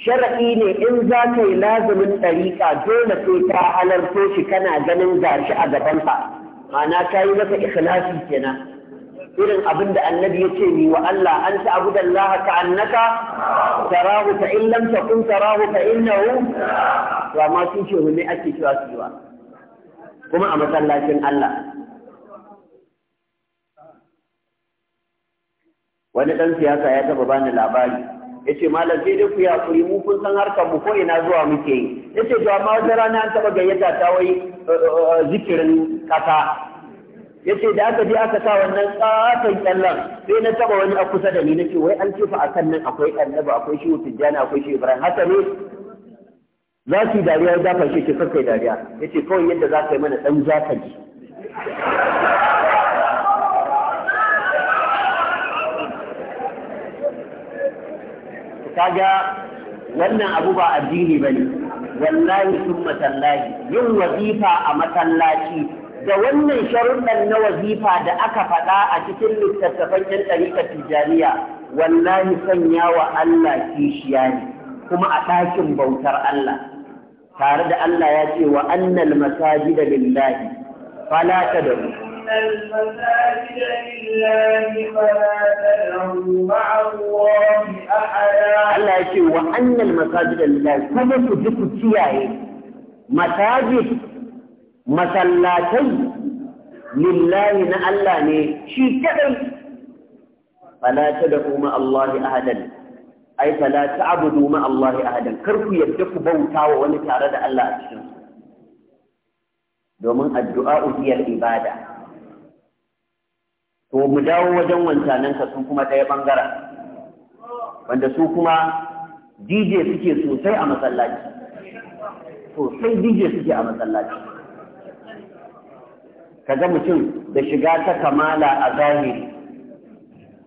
Speaker 2: shara'i ne in za ka yi lazumin ɗariƙa dole sai ta halarto shi kana ganin gashi a gabanka ma'ana ka yi masa ikhlasi kenan irin abin da annabi ya ce ni wa Allah an ta abu da Allah ka annaka tarahu fa in lam takun tarahu fa innahu to amma sun ce ne ake cewa su kuma a masallacin Allah wani dan siyasa ya taba bani labari ya ce malam sai dai ku yi hakuri mu kun san harkar mu ko ina zuwa muke yi ya ce to amma wata rana an taba gayyata ta wai eh, eh, eh, zikirin kasa ya ce da aka je aka sa wannan ƙaton ƙyallon sai na taba wani a kusa da ni na ce wai an cefa a kan nan akwai annabi akwai shi tijjani akwai shi ibrahim haka ne za su yi dariya ya dafa shi ke kakkai dariya ya ce kawai yadda za ka yi mana ɗan zaka ji kaga wannan abu ba addini bane wallahi summa tallahi yin wazifa a masallaci da wannan sharuɗan na wazifa da aka faɗa a cikin littattafan yan ɗariƙar tijaniya wallahi sanya wa Allah kishiya ne kuma a ɗakin bautar Allah tare da Allah ya ce wa annal masajida lillahi fala mu
Speaker 1: أن المساجد لله فلا تدعوا مع
Speaker 2: الله أحدا الله يقول وأن المساجد لله كما تجد السياحة مساجد مسلاتي لله نألاني شيء كذب فلا تدعوا مع الله أحدا ai fala ta'budu ma Allah ahadan kar ku yadda ku bauta wa wani tare da Allah a cikin domin addu'a hiya ibada to mu dawo wajen wancanan ka su kuma ɗaya ɓangaren wanda su kuma DJ suke sosai a masallaci sosai DJ suke a masallaci ka ga mutum da shiga ta kamala a zahiri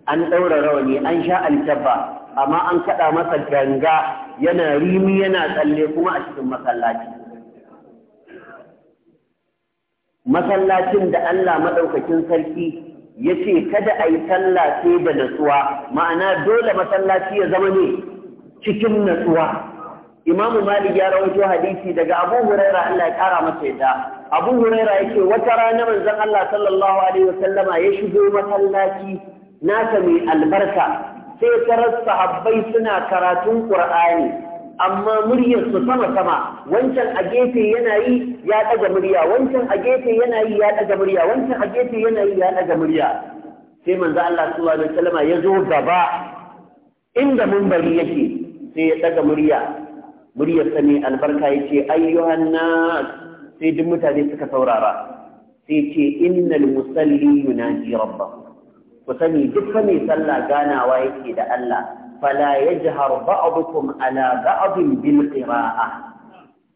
Speaker 2: an ɗaura rawani an sha alkyabba amma an kaɗa masa ganga yana rimi yana tsalle kuma a cikin masallaci masallacin da Allah maɗaukakin sarki ya ce kada a yi sallah da natsuwa ma'ana dole masallaci ya zama ne cikin natsuwa imamu malik ya rawaito hadisi daga abu huraira allah ya kara masa yadda abu huraira yake, wata rana manzon allah sallallahu alaihi wasallama ya shigo masallaci nasa mai albarka sai tarar sahabbai suna karatun qur'ani amma muryar su sama sama wancan a gefe yanayi ya ɗaga murya wancan a gefe yana ya ɗaga murya wancan a gefe ya ɗaga murya sai manzo Allah sallallahu alaihi wasallam ya zo gaba inda munbari yake sai ya ɗaga murya muryar sa ne albarka yace ayyuhan nas sai duk mutane suka saurara sai ce innal musalli yunaji rabbahu ku sani duk mai sallah ganawa yake da Allah fala yajhar ba'dukum ala ba'din bin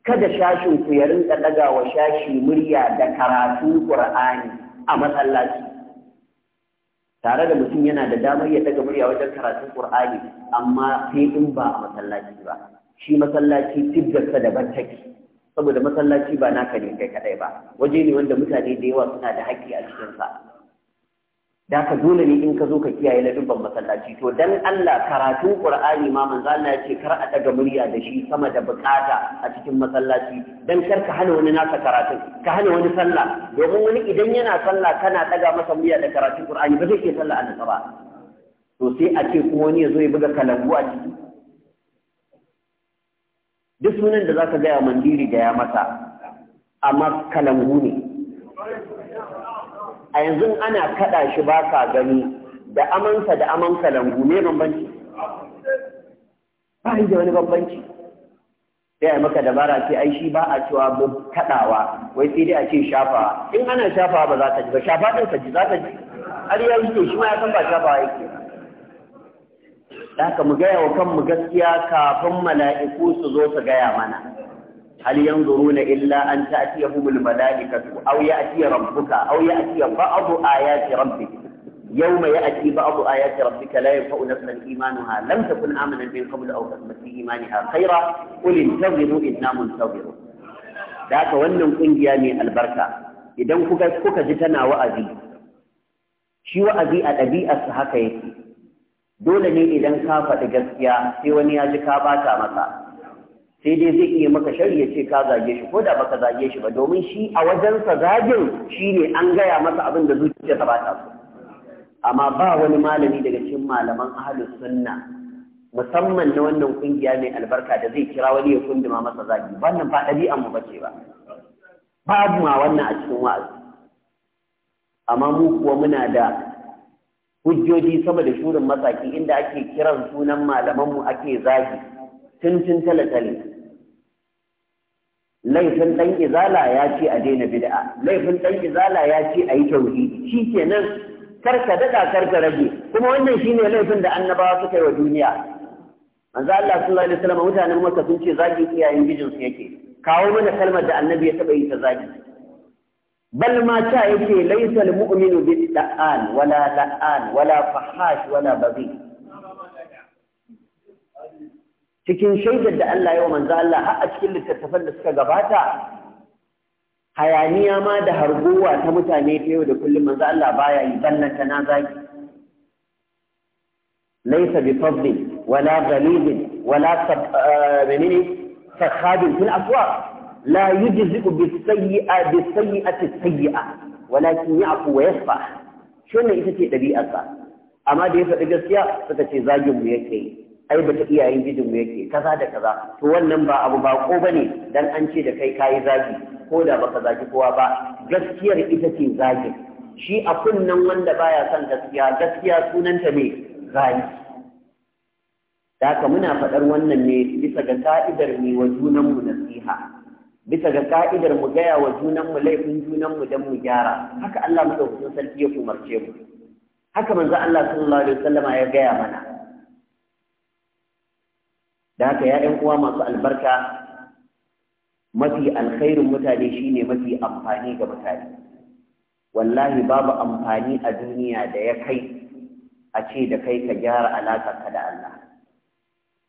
Speaker 2: kada shashin ku ya rinka daga wa shashi murya da karatun Qur'ani a masallaci tare da mutum yana da damar ya daga murya wajen karatun Qur'ani amma sai in ba a masallaci ba shi masallaci tibbarsa daban take saboda masallaci ba naka ne kai kadai ba waje ne wanda mutane da yawa suna da haƙƙi a cikinsa. da ka dole ne in ka zo ka kiyaye ladubban masallaci to dan Allah karatu Qur'ani ma manzo Allah ya ce kar a daga murya da shi sama da bukata a cikin masallaci dan kar ka hana wani nasa karatu ka hana wani sallah domin wani idan yana sallah kana daga masa murya da karatun Qur'ani ba zai ke sallah a ba to sai a ce kuma wani ya zo ya buga kalambu a ciki duk sunan da zaka gaya mandiri ya masa amma kalangu ne a yanzu ana kaɗa shi ba ka gani da amansa da aman kalangu ne bambanci ba da wani bambanci sai a maka dabara ce ai shi ba a cewa kaɗawa wai sai dai a ce shafa in ana shafa ba za ka ji ba shafa ɗin ka ji za ka ji har ya yi shi ma ya san ba shafa yake da haka mu gaya wa kanmu gaskiya kafin mala'iku su zo su gaya mana hal na illa an ta'tiyahumul malaikatu aw ya'ti rabbuka aw ya'ti ba'du ayati rabbika يوم يأتي بعض آيات ربك لا ينفع نفسا إيمانها لم تكن آمنت من قبل أو كسبت في إيمانها خيرا قل انتظروا إنا منتظرون ذاك wannan ƙungiya ne albarka idan kuka ji tana wa'azi shi wa'azi a ɗabi'ar su haka yake dole ne idan ka faɗi gaskiya sai wani ya ji ka bata masa sai dai zai iya maka shari ya ce ka zage shi ko da baka zage shi ba domin shi a wajensa zagin shi ne an gaya masa abin da zuciya ba ta so amma ba wani malami daga cikin malaman ahlus sunna musamman na wannan kungiya mai albarka da zai kira wani ya kunduma masa zagi wannan ba ɗabi'an mu bace ba babu ma wannan a cikin wa'azi amma mu kuwa muna da hujjoji sama da shurin masaki inda ake kiran sunan malamanmu ake zagi tuntun tale laifin ɗan izala ya ce a daina bid'a laifin ɗan izala ya ce a yi tauhidi shi kenan karka daɗa karka rage kuma wannan shine laifin da annabawa suka yi wa duniya manzo Allah sallallahu alaihi wasallam mutanen Makka sun ce zagi iyayen bijin su yake kawo mana kalmar da annabi ya taba yi ta zagi bal ma ta yake laysal mu'minu bid'an wala la'an wala fahash wala baghi cikin shaidar da Allah yau manzo Allah har a cikin littattafan da suka gabata hayaniya ma da harguwa ta mutane ta yau da kullum manzo Allah baya yi ballanta na zaki laysa bi fadli wala ghalib wala menene sakhab fil aswaq la yujzi bi sayyi'a bi sayyi'ati sayyi'a walakin ya'fu wa yasfa shine ita ce dabi'arsa amma da ya faɗi gaskiya suka ce zagin mu yake yi ai bata iyayen mu yake kaza da kaza to wannan ba abu ba ko bane dan an ce da kai kayi zagi ko da baka zagi kowa ba gaskiyar ita ce zagi shi a kunnan wanda baya son gaskiya gaskiya sunanta ne zagi da haka muna faɗar wannan ne bisa ga ka'idar ne wa mu nasiha bisa ga ka'idar mu gaya wa mu laifin mu dan mu gyara haka Allah madaukakin sarki ya umarce mu haka manzo Allah sallallahu alaihi wasallama ya gaya mana da haka 'ya'yan uwa masu albarka mafi alkhairin mutane shine mafi amfani ga mutane wallahi babu amfani a duniya da ya kai a ce da kai ka gyara alaƙarka da Allah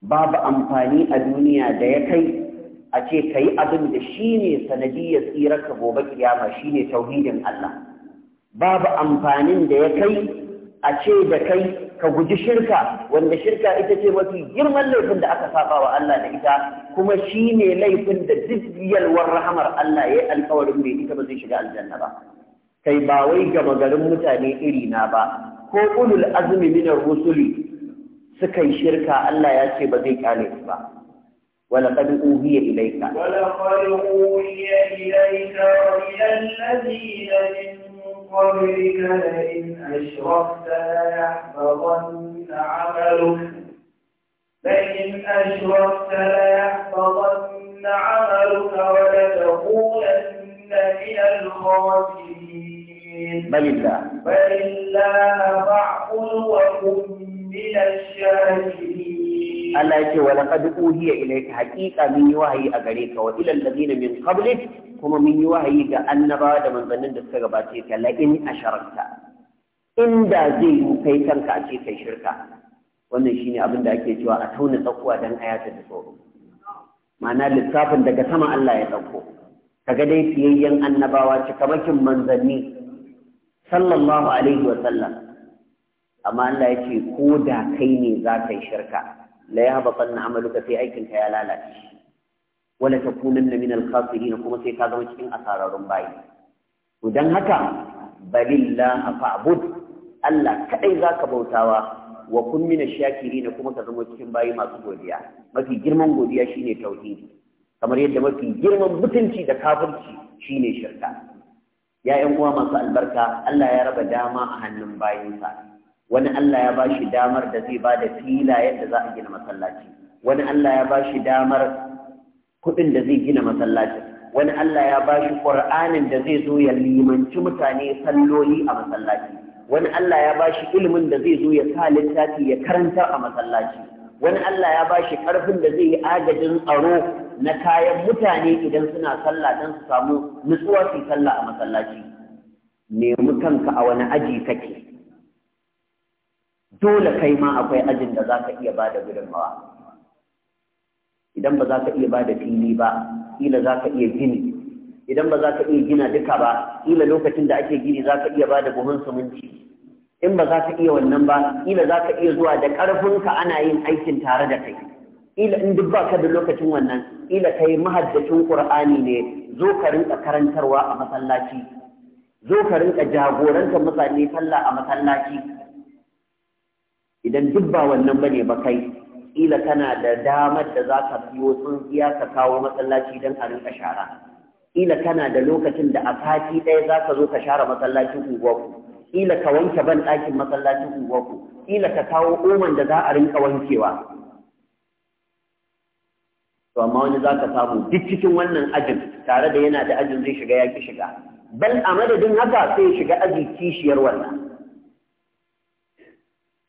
Speaker 2: babu amfani a duniya da ya kai a ce ka yi abin da shi ne sanadiyar tsirarka gobe kiyama shine tauhidin Allah babu amfanin da ya kai a ce da kai ka guji shirka wanda shirka ita ce mafi girman laifin da aka saba wa Allah da ita kuma shi ne laifin da duk yalwar rahamar Allah ya yi alkawarin mai ita ba zai shiga aljanna ba kai ba wai gama garin mutane iri na ba ko ulul azumi minar rusuli suka yi shirka Allah ya ce ba zai kyale su ba ولقد أوهي إليك
Speaker 1: ولقد أوهي إليك وإلى الذين من قبلك لئن أشركت ليحبطن عملك لئن أشركت ليحبطن عملك ولتقولن من الخاسرين بل الله بل الله فاعبد وكن
Speaker 2: من الشاكرين Allah ya ce wa laqad uhiya ilayka haqiqa min yi wahayi a gare ka wa ilal ladina min qablik kuma min yi wahayi ga annabawa da manzannin da suka gabace ka la in asharakta inda zai yi kai kanka a ce kai shirka wannan shine abin da ake cewa a tauna tsakuwa dan ayata da tsoro ma'ana lissafin daga sama Allah ya dauko kaga dai fiyayyen annabawa cikamakin manzanni sallallahu alaihi wa sallam amma Allah ya ce ko da kai ne za ka yi shirka la yahbatanna amaluka sai aikin ka ya lalace wala takunanna min al-khasirin kuma sai ka zama cikin asararun bayi to dan haka balillah fa'bud Allah kadai zaka bautawa wa kun min ash-shakirin kuma ka zama cikin bayi masu godiya mafi girman godiya shine tauhidi kamar yadda mafi girman mutunci da kafirci shine shirka ya 'yan uwa masu albarka Allah ya raba dama a hannun bayinsa wani Allah ya ba shi damar da zai ba da filayen da za a gina masallaci wani Allah ya ba shi damar kuɗin da zai gina masallaci wani Allah ya ba shi ƙur'anin da zai zo ya limanci mutane salloli a masallaci wani Allah ya ba shi ilimin da zai zo ya sa littafi ya karanta a masallaci wani Allah ya ba shi ƙarfin da zai yi agajin tsaro na kayan mutane idan suna sallah don su samu nutsuwa su sallah a masallaci nemi kanka a wani aji kake dole kai ma akwai ajin da za ka iya ba da gudunmawa idan ba za ka iya ba da fili ba Ila za ka iya gini idan ba za ka iya gina duka ba Ila lokacin da ake gini za ka iya ba da buhun suminti in ba za ka iya wannan ba ila za ka iya zuwa da ƙarfinka ana yin aikin tare da kai Ila in duk ka da lokacin wannan ila kai mahaddacin ƙur'ani ne zo ka rinka karantarwa a masallaci zo ka rinka jagorantar mutane sallah a masallaci idan duk ba wannan bane ba kai kila kana da damar da za ka biyo tsintsiya ka kawo masallaci don a rinka shara kila kana da lokacin da a sati ɗaya za ka zo ka share masallacin unguwarku kila ka wanke ban ɗakin masallacin unguwarku kila ka kawo oman da za a rinka wankewa to amma wani za ka samu duk cikin wannan ajin tare da yana da ajin zai shiga ya ki shiga bal a madadin haka sai shiga aji kishiyar wannan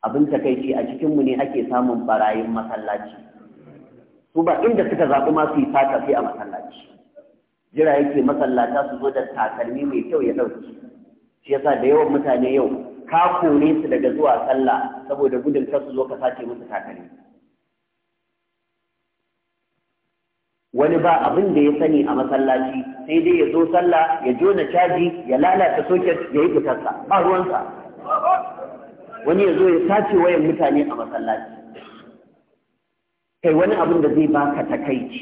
Speaker 2: abin takaici a cikinmu ne ake samun barayin masallaci su ba inda suka zaɓi ma su yi fata sai a masallaci jira yake masallata su zo da takalmi mai kyau ya ɗauki shi yasa da yawan mutane yau ka kore su daga zuwa sallah saboda gudun kar su zo ka sace musu takalmi wani ba abin da ya sani a masallaci sai dai ya zo sallah ya jona caji ya lalata soket ya yi fitarsa ba ruwansa
Speaker 3: wani ya zo ya sace
Speaker 2: wayan mutane a masallaci kai wani abin da zai baka takaici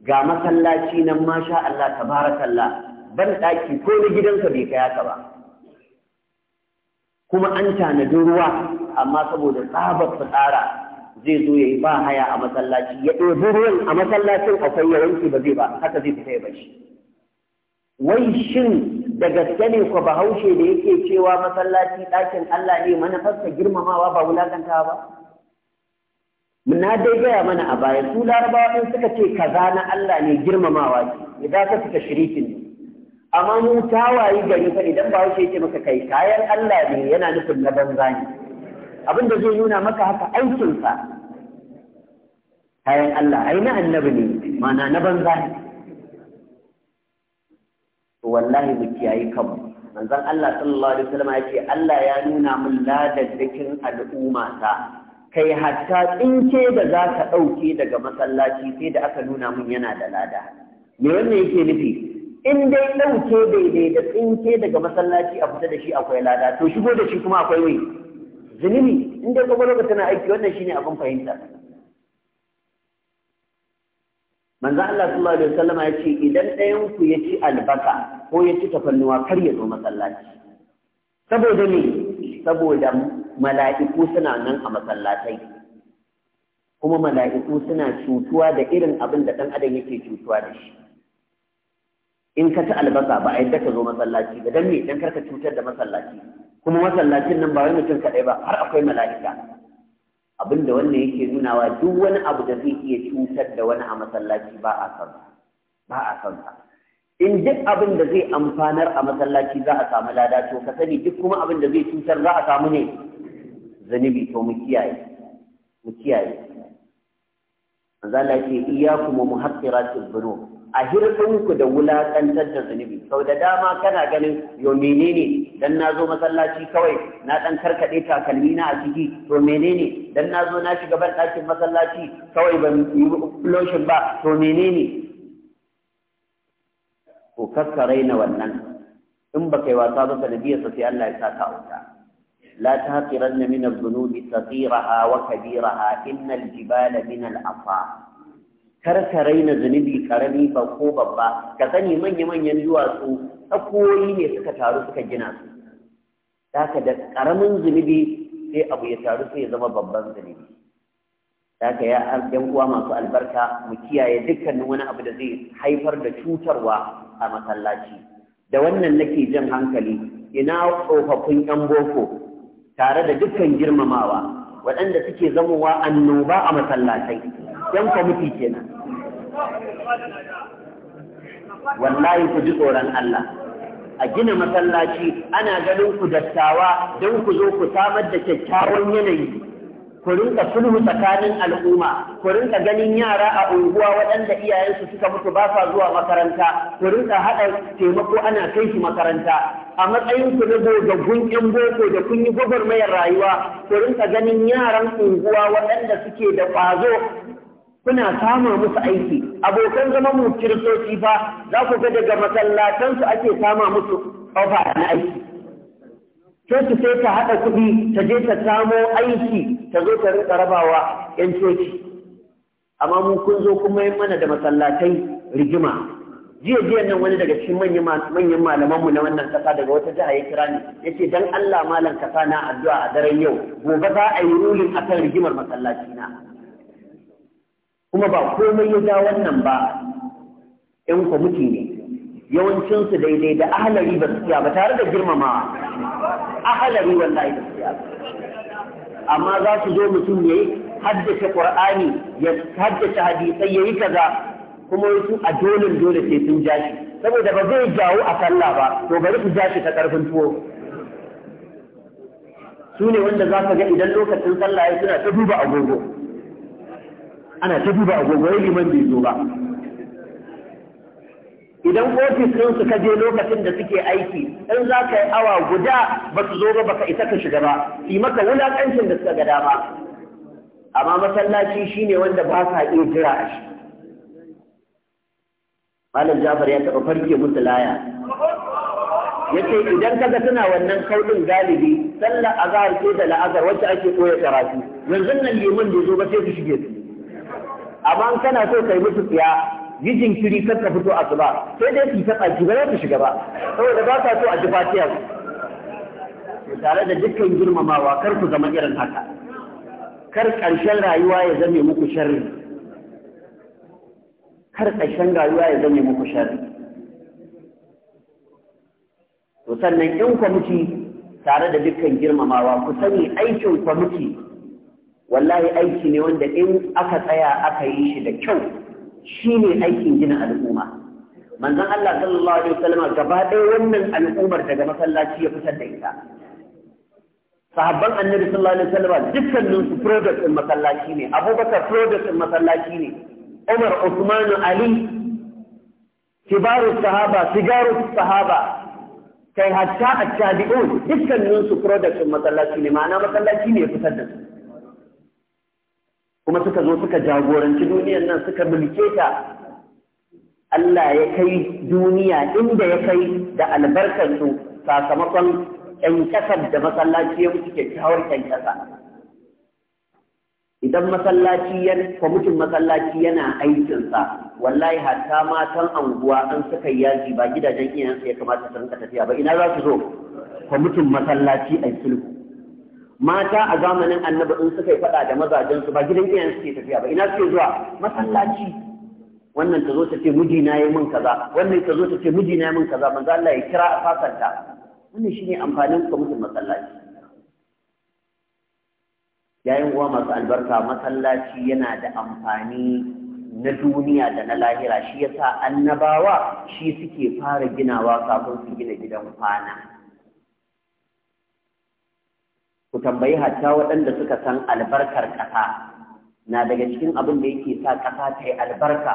Speaker 2: ga masallaci nan masha Allah tabarakallah ban daki ko na gidanka bai kai ka ba kuma an tanadi ruwa amma saboda tsabar fitsara zai zo ya yi ba haya a masallaci ya ɗebi ruwan a masallacin akwai yawanci ba zai ba haka zai fita ba bashi wai shin da gaske ne ku bahaushe da yake cewa masallaci ɗakin Allah ne manufarsa girmamawa ba wulakantawa ba? Na dai gaya mana a baya su larabawa in suka ce kaza na Allah ne girmamawa ce, idan ka suka shirikin ne. Amma mu tawaye gari fa idan bahaushe yake maka kai kayan Allah ne yana nufin na banza ne. Abin da zai nuna maka haka aikinsa kayan Allah ai na annabi ne, mana na banza ne. to wallahi mu kiyaye kanmu manzon Allah sallallahu alaihi wasallam ya ce Allah ya nuna min ladaddakin al'umma ta kai hatta tsinke da za ka ɗauke daga masallaci sai da aka nuna mun yana da lada me wannan yake nufi in dai ɗauke daidai da tsinke daga masallaci a fita da shi akwai lada to shigo da shi kuma akwai mai zunubi in dai kwakwalwa tana aiki wannan shine abin fahimta manzo Allah sallallahu alaihi wasallam ya ce idan ɗayan ku ya ci albasa ko ya ci tafannuwa kar ya zo masallaci saboda ne saboda mala'iku suna nan a masallatai kuma mala'iku suna cutuwa da irin abin da ɗan adam yake cutuwa da shi in ka ci albasa ba a yadda ka zo masallaci ba dan me dan karka cutar da masallaci kuma masallacin nan ba wai mutum kaɗai ba har akwai mala'ika abinda wannan yake nunawa duk wani abu da zai iya cutar da wani a masallaci ba a san ba a san in duk abin da zai amfanar a masallaci za a samu lada to ka sani duk kuma abin da zai cutar za a samu ne zanibi to mu kiyaye mu kiyaye manzo Allah ce iyyakum muhaqqiratil dhunub a hirfin ku da wulakantar da zanibi sau da dama kana ganin yo menene dan na zo masallaci kawai na dan karkade takalmi na a ciki to menene dan na zo na shiga ban ɗakin masallaci kawai ban yi lotion ba to menene ko kaskare na wannan in ba kai wasa ba sanadiyar sa sai Allah ya saka wuta la tahqiranna min adh-dhunubi saghiraha wa kabiraha innal jibala min al Afa. kar ka raina zunubi karami ba ko babba ka sani manya-manyan duwatsu tsakoyi ne suka taru suka gina su haka da karamin zunubi sai abu ya taru sai ya zama babban zunubi haka ya yan uwa masu albarka mu kiyaye dukkanin wani abu da zai haifar da cutarwa a masallaci da wannan nake jan hankali ina tsofaffin yan boko tare da dukkan girmamawa waɗanda suke zamowa annoba a masallatai yan kwamiti kenan
Speaker 3: wallahi ku ji tsoron
Speaker 2: Allah a gina masallaci ana ganin ku dattawa don ku zo ku samar da kyakkyawan yanayi ku rinka sulhu tsakanin al'umma ku rinka ganin yara a unguwa waɗanda iyayensu suka mutu ba sa zuwa makaranta ku rinka haɗa taimako ana kai su makaranta a matsayin ku na gogaggun yan boko da kun yi gwagwarmayar rayuwa ku rinka ganin yaran unguwa waɗanda suke da ƙwazo kuna samun musu aiki abokan zama mu kiristoci fa za ku ga daga su ake kama musu ofa na aiki coci sai ta haɗa kuɗi ta je ta samo aiki ta zo ta rika rabawa 'yan coci amma mu kun zo kuma yin mana da masallatai rigima jiya jiya nan wani daga cikin manyan malaman mu na wannan kasa daga wata jiha ya kira ni ya ce dan Allah malam kasa na addu'a a daren yau gobe za a yi rulin akan rigimar masallaci na kuma ba komai ya ja wannan ba ‘yan kwamiti ne yawancinsu daidai da ahalari ba su ba tare da girmamawa ahalari wallahi ba su
Speaker 4: amma za su zo
Speaker 2: mutum ya yi haddace ƙwar'ani ya haddace hadisai ya yi kaza kuma wasu a dole dole sai sun ja shi saboda ba zai jawo a sallah ba to bari su ja shi ta ƙarfin tuwo su ne wanda za ka ga idan lokacin sallah ya suna ta duba agogo ana ta duba agogo liman bai zo ba idan ofis ɗin ka je lokacin da suke aiki in za ka yi awa guda ba su zo ba baka isa ka shiga ba fi maka wulaƙancin da suka ga dama amma masallaci shine wanda ba sa iya jira a shi malam jafar ya taɓa farke musu laya ya ce idan ga tana wannan kauɗin galibi sallar azar, ce da la'azar wacce ake koya karatu yanzu nan liman bai zo ba sai su shige su amma kana so kai musu tsiya yi jinkiri kar ka fito asuba sai dai su ta ki ba za su shiga ba saboda ba ka so a ji fatiyar tare da dukkan girmamawa kar ku zama irin haka kar ƙarshen rayuwa ya zame muku sharri kar ƙarshen rayuwa ya zame muku sharri to sannan in kwamiti tare da dukkan girmamawa ku sani aikin kwamiti wallahi aiki ne wanda in aka tsaya aka yi shi da kyau shi ne aikin gina al'umma manzon Allah sallallahu alaihi wasallam gaba ɗaya wannan al'ummar daga masallaci ya fitar da ita sahabban annabi sallallahu alaihi wasallam dukkanin su product din masallaci ne abubakar product din masallaci ne umar usman ali kibaru sahaba sigaru sahaba kai hatta at-tabi'un dukkanin su product din masallaci ne ma'ana masallaci ne ya fitar da su kuma suka zo suka jagoranci duniyar nan suka mulke ta Allah ya kai duniya inda ya kai da albarkarsu sakamakon ƴan ƙasar da masallaci ya mutu kawar ƴan ƙasa. Idan masallaci yan kwamitin masallaci yana aikinsa, wallahi hatta matan anguwa an suka yaji ba gidajen iyayensa ya kamata su rinka tafiya ba ina za su zo kwamitin masallaci a sulhu. mata a zamanin annabi in suka yi faɗa da mazajensu ba gidan iyayen suke tafiya ba ina suke zuwa masallaci wannan ta zo ta ce mijina ya min kaza wannan ta zo ta ce mijina ya min kaza manzo Allah ya kira a fasanta wannan shine amfanin mutum masallaci yayin uwa masu albarka masallaci yana da amfani na duniya da na lahira shi yasa annabawa shi suke fara ginawa kafin su gina gidan kwana ku tambayi hatta waɗanda suka san albarkar ƙasa na daga cikin abin da yake sa ƙasa ta yi albarka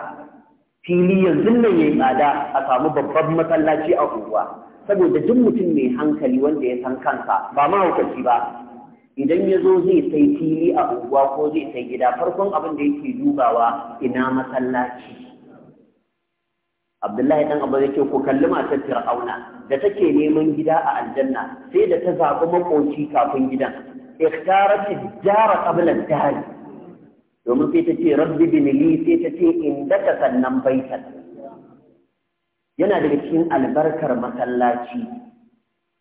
Speaker 2: fili yanzu nan ya yi tsada a samu babban masallaci a unguwa saboda duk mutum mai hankali wanda ya san kansa ba mahaukaci ba idan ya zo zai sai fili a unguwa ko zai sai gida farkon abin da yake dubawa ina masallaci abdullahi dan abu yake ku kalli matar fir'auna da take neman gida a aljanna sai da ta zaɓi makoci kafin gidan ikhtarat jara qabla ad-dar domin sai ta ce rabbi binili sai ta ce indaka sannan baitan yana daga cikin albarkar masallaci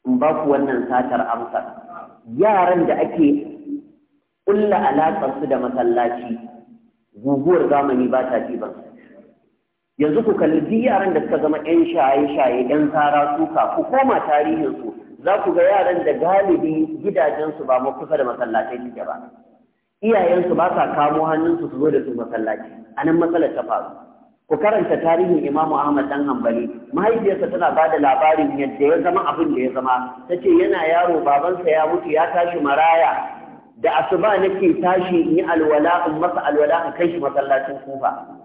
Speaker 2: in ba ku wannan satar amsa yaran da ake kulla alaƙar su da masallaci guguwar zamani ba ta ci ba yanzu ku kalli duk yaran da suka zama 'yan shaye-shaye 'yan tsara suka ku koma tarihinsu za ku ga yaran da galibi gidajensu ba mu kusa da masallatai suke ba iyayensu ba sa kamo hannunsu su zo da su masallaci a nan matsalar ta faru ku karanta tarihin imamu ahmad dan hanbali mahaifiyarsa tana ba da labarin yadda ya zama abin da ya zama ta ce yana yaro babansa ya mutu ya tashi maraya da asuba nake tashi in yi alwala in masa alwala in kai shi masallacin kufa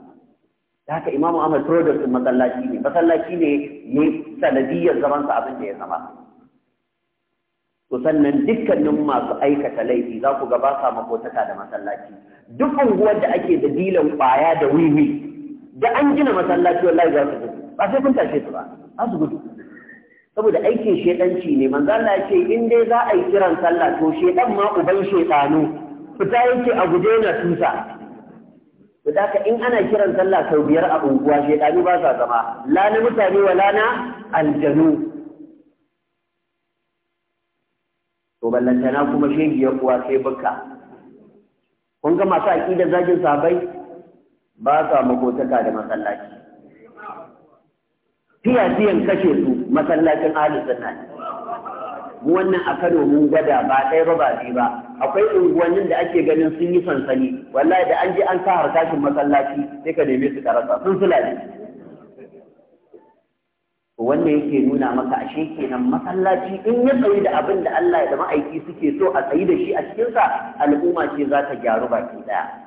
Speaker 2: da haka imamu ahmad product din masallaci ne masallaci ne ya sanadiyar zaman sa abin da ya zama sannan dukkanin masu aikata laifi za ku ga ba sa makotaka da masallaci duk unguwar da ake da dilan kwaya da wiwi da an gina masallaci wallahi za su gudu ba sai kun tashe su ba za su gudu saboda aikin shaidanci ne manzo Allah ya ce in dai za a yi kiran sallah to shedan ma uban shedanu fita yake a guje na tusa to in ana kiran sallah sau biyar a unguwa ɗani ba sa zama la mutane wa la aljanu to ballantana kuma biyar kuwa sai bukka kun ga masu aƙidar zagin sabai ba sa makotaka da masallaci fiya fiyan kashe su masallacin ahlus sunna ne mu wannan a Kano mun gwada ba ɗaya ba ba biyu ba akwai unguwannin da ake ganin sun yi sansani wallahi da an je an sa harkashin masallaci sai ka neme su karasa sun fulani wannan yake nuna maka ashe kenan masallaci in ya tsayi da abin da Allah da ma'aiki suke so a tsayi da shi a cikinsa al'umma ce za ta gyaru baki ɗaya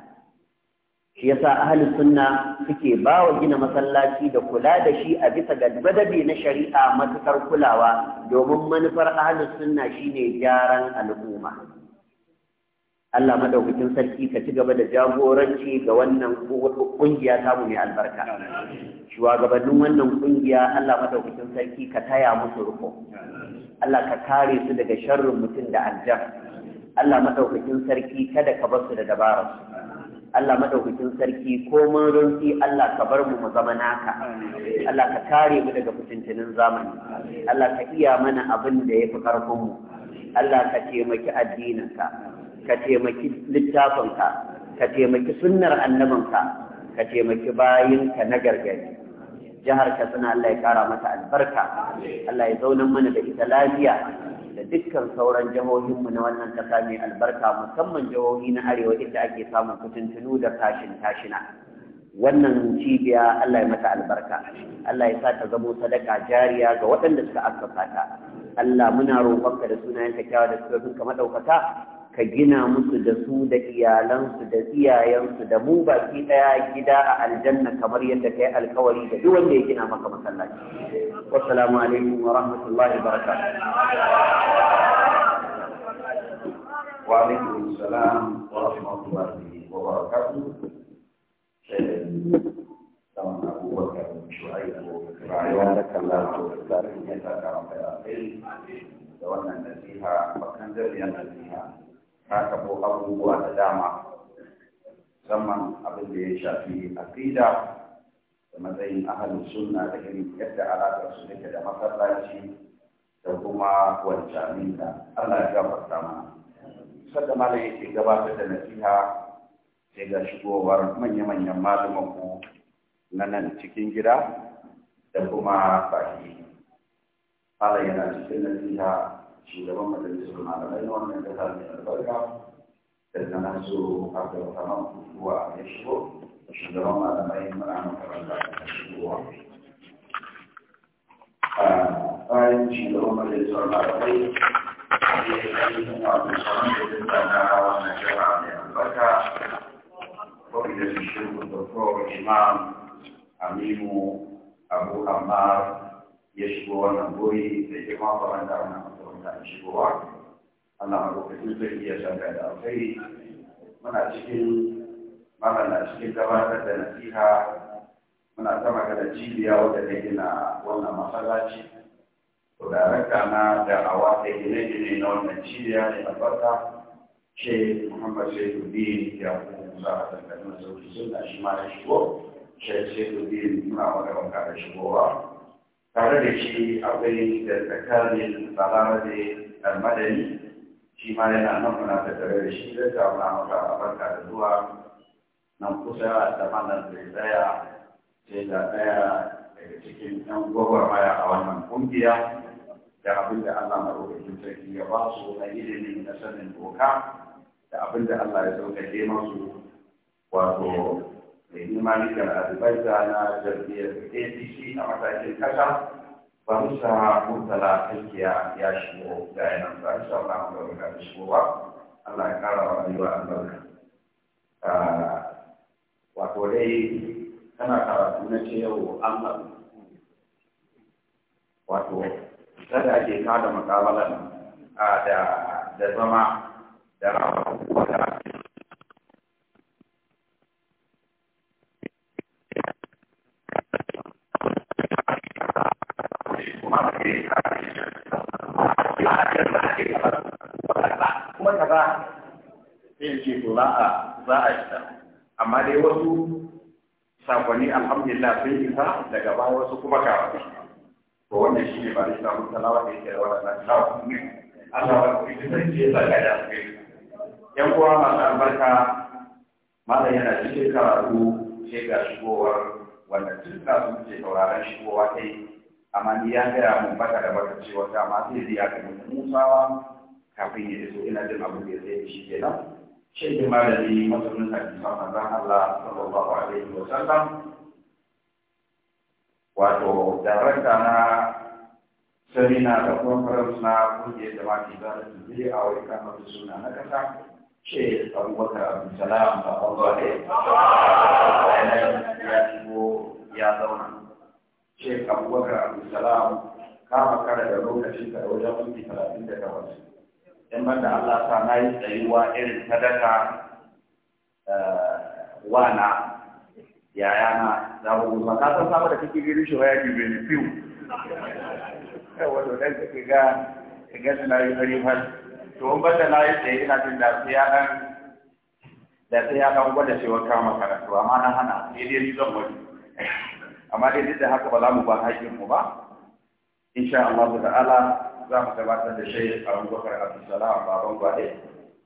Speaker 2: shi yasa ahli sunna suke bawa gina masallaci da kula da shi a bisa ga gwadabe na shari'a matukar kulawa domin manufar ahli sunna shine gyaran al'umma Allah madaukakin sarki ka ci gaba da jagoranci ga wannan kungiya mu mai albarka shugabannin wannan kungiya Allah madaukakin sarki ka taya musu ruko Allah ka kare su daga sharrin mutum da aljan Allah madaukakin sarki kada ka bar su da dabararsu Allah madaukakin sarki ko mun Allah ka bar mu mu zama naka Allah ka kare mu daga fitintinin zamani Allah ka iya mana abin da fi karfin mu Allah ka taimaki addininka ka taimaki littafinka ka taimaki sunnar annabinka ka taimaki bayinka na gargadi jihar Katsina Allah ya kara mata albarka Allah ya zauna mana da ita lafiya da dukkan sauran jihohinmu na wannan ƙasa mai albarka musamman jihohi na arewa inda ake samun kutuntunu da tashin tashina wannan cibiya Allah ya mata albarka Allah ya sa ta zamo sadaka jariya ga waɗanda suka assasa Allah muna roƙonka da sunayen kyakkyawa da suka ka madaukaka ka gina musu da su da iyalansu da iyayensu da mu baki daya gida a aljanna kamar yadda kai alkawari da duk wanda ya gina maka masallaci assalamu alaikum wa rahmatullahi wa barakatuh wa alaikum assalam wa
Speaker 4: rahmatullahi wa barakatuh Sama Abu Bakar Shu'aib Barakallahu ta'ala da wannan nasiha bakan da nasiha ka tabo abubuwa da dama musamman abin da ya shafi aqida da matsayin ahalin sunna da irin yadda alaƙar su take da masallaci da kuma wancanin da Allah ya sama. mana sadda malam yake gabatar da nasiha sai ga shigowar manya-manyan malaman na nan cikin gida da kuma baki Allah yana cikin nasiha shugaban majalisar malamai na wannan kasa mai albarka da zama su abdulrahman kuwa ya shigo shugaban malamai muna makaranta da shigowa bayan shugaban majalisar malamai ne da yi wato sauran da yin zana wannan kasa mai albarka wakil da su shirku doktor imam aminu abu ammar ya shigo wannan goyi da girma faranta mutane shigowa Allah ma lokacin zai iya shanga da alkhairi muna cikin magana cikin gabatar da nasiha muna ta magana cibiya wadda ta gina wannan masallaci to da raka na da awa ta gine-gine na wannan cibiya ne albarka ce Muhammad Shaifuddin ya kuma a tattalin sauki suna shi ma ya shigo Shaifuddin muna magana da shigowa tare da shi akwai da tsakanin salamade madani shi ma yana nan da tare da shi da ta muna maka barka da zuwa nan kusa da malam da tsaya sai da ɗaya daga cikin ɗan maya a wannan kungiya da abin da Allah shi sarki ya ba su na ilimin na sanin doka da abin da Allah ya sauƙaƙe masu wato mai imani da albaita na jam'iyyar apc a matakin kasa ba musa murtala tsakiya ya shigo ga yanar ba insha Allah mu barka da shigowa Allah ya kara wa rayuwa albarka wato dai kana karatu na ce yau an haɗu wato kada ake kada makabalan da zama da rawa kuma ta ba sai ce to za a za a isa amma dai wasu sakonni alhamdulillah sun isa daga baya wasu kuma ka to wannan shi ne ba da shi samun talawa da yake da waɗannan talawa Allah ba ku yi zai ce zaka da su yan uwa masu albarka malam yana cikin karatu sai ga shigowar wanda tun da sun ce tauraron shigowa ta yi amma ni ya gaya mun da baka cewa ta ma zai biya ka musawa kafin ya iso ina jin abin da zai shi kenan shi ne malami masanin hadisan manzon Allah sallallahu alaihi wa sallam wato darakta na
Speaker 2: semina da conference
Speaker 4: na da jama'a da ta zai a wani kan mafi suna na kasa ce abubakar salam ba ɓangare ya zauna Sheikh Abubakar Abdulsalam kama makara da lokacin ka da wajen minti talatin da takwas. In ban da Allah sa na yi tsayuwa irin sadaka eh, wana na za mu ba maka san samu da kake gari shi waya ki bai fiu. Yawa to dan kake ga ga na yi fari fari To in ban da na yi tsaye ina jin da su ya dan da sai ya dan gwada cewa kama karatu to amma na hana sai dai zan wani. amma dai duk da haka ba za mu ba haƙƙin mu ba insha Allah ta'ala za mu gabatar da shi a Abubakar ba baban gwade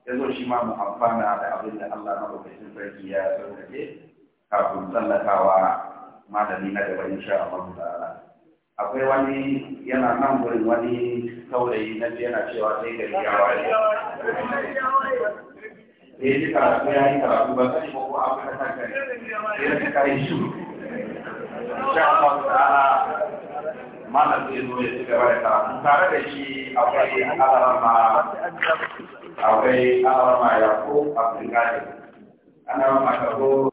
Speaker 4: ya zo shi ma mu amfana da abin da Allah na lokacin sarki ya sauƙaƙe kafin tsallakawa malami na gaba insha Allah ta'ala akwai wani yana nan gurin wani saurayi na yana cewa sai gari ya
Speaker 3: waye
Speaker 1: eh ka karatu
Speaker 4: ya yi karatu ba sai ko abu na kanka ne sai ka yi shi insha Allah ta'ala malam zai ya ci gaba da karatu tare da shi akwai akwai
Speaker 3: ana maka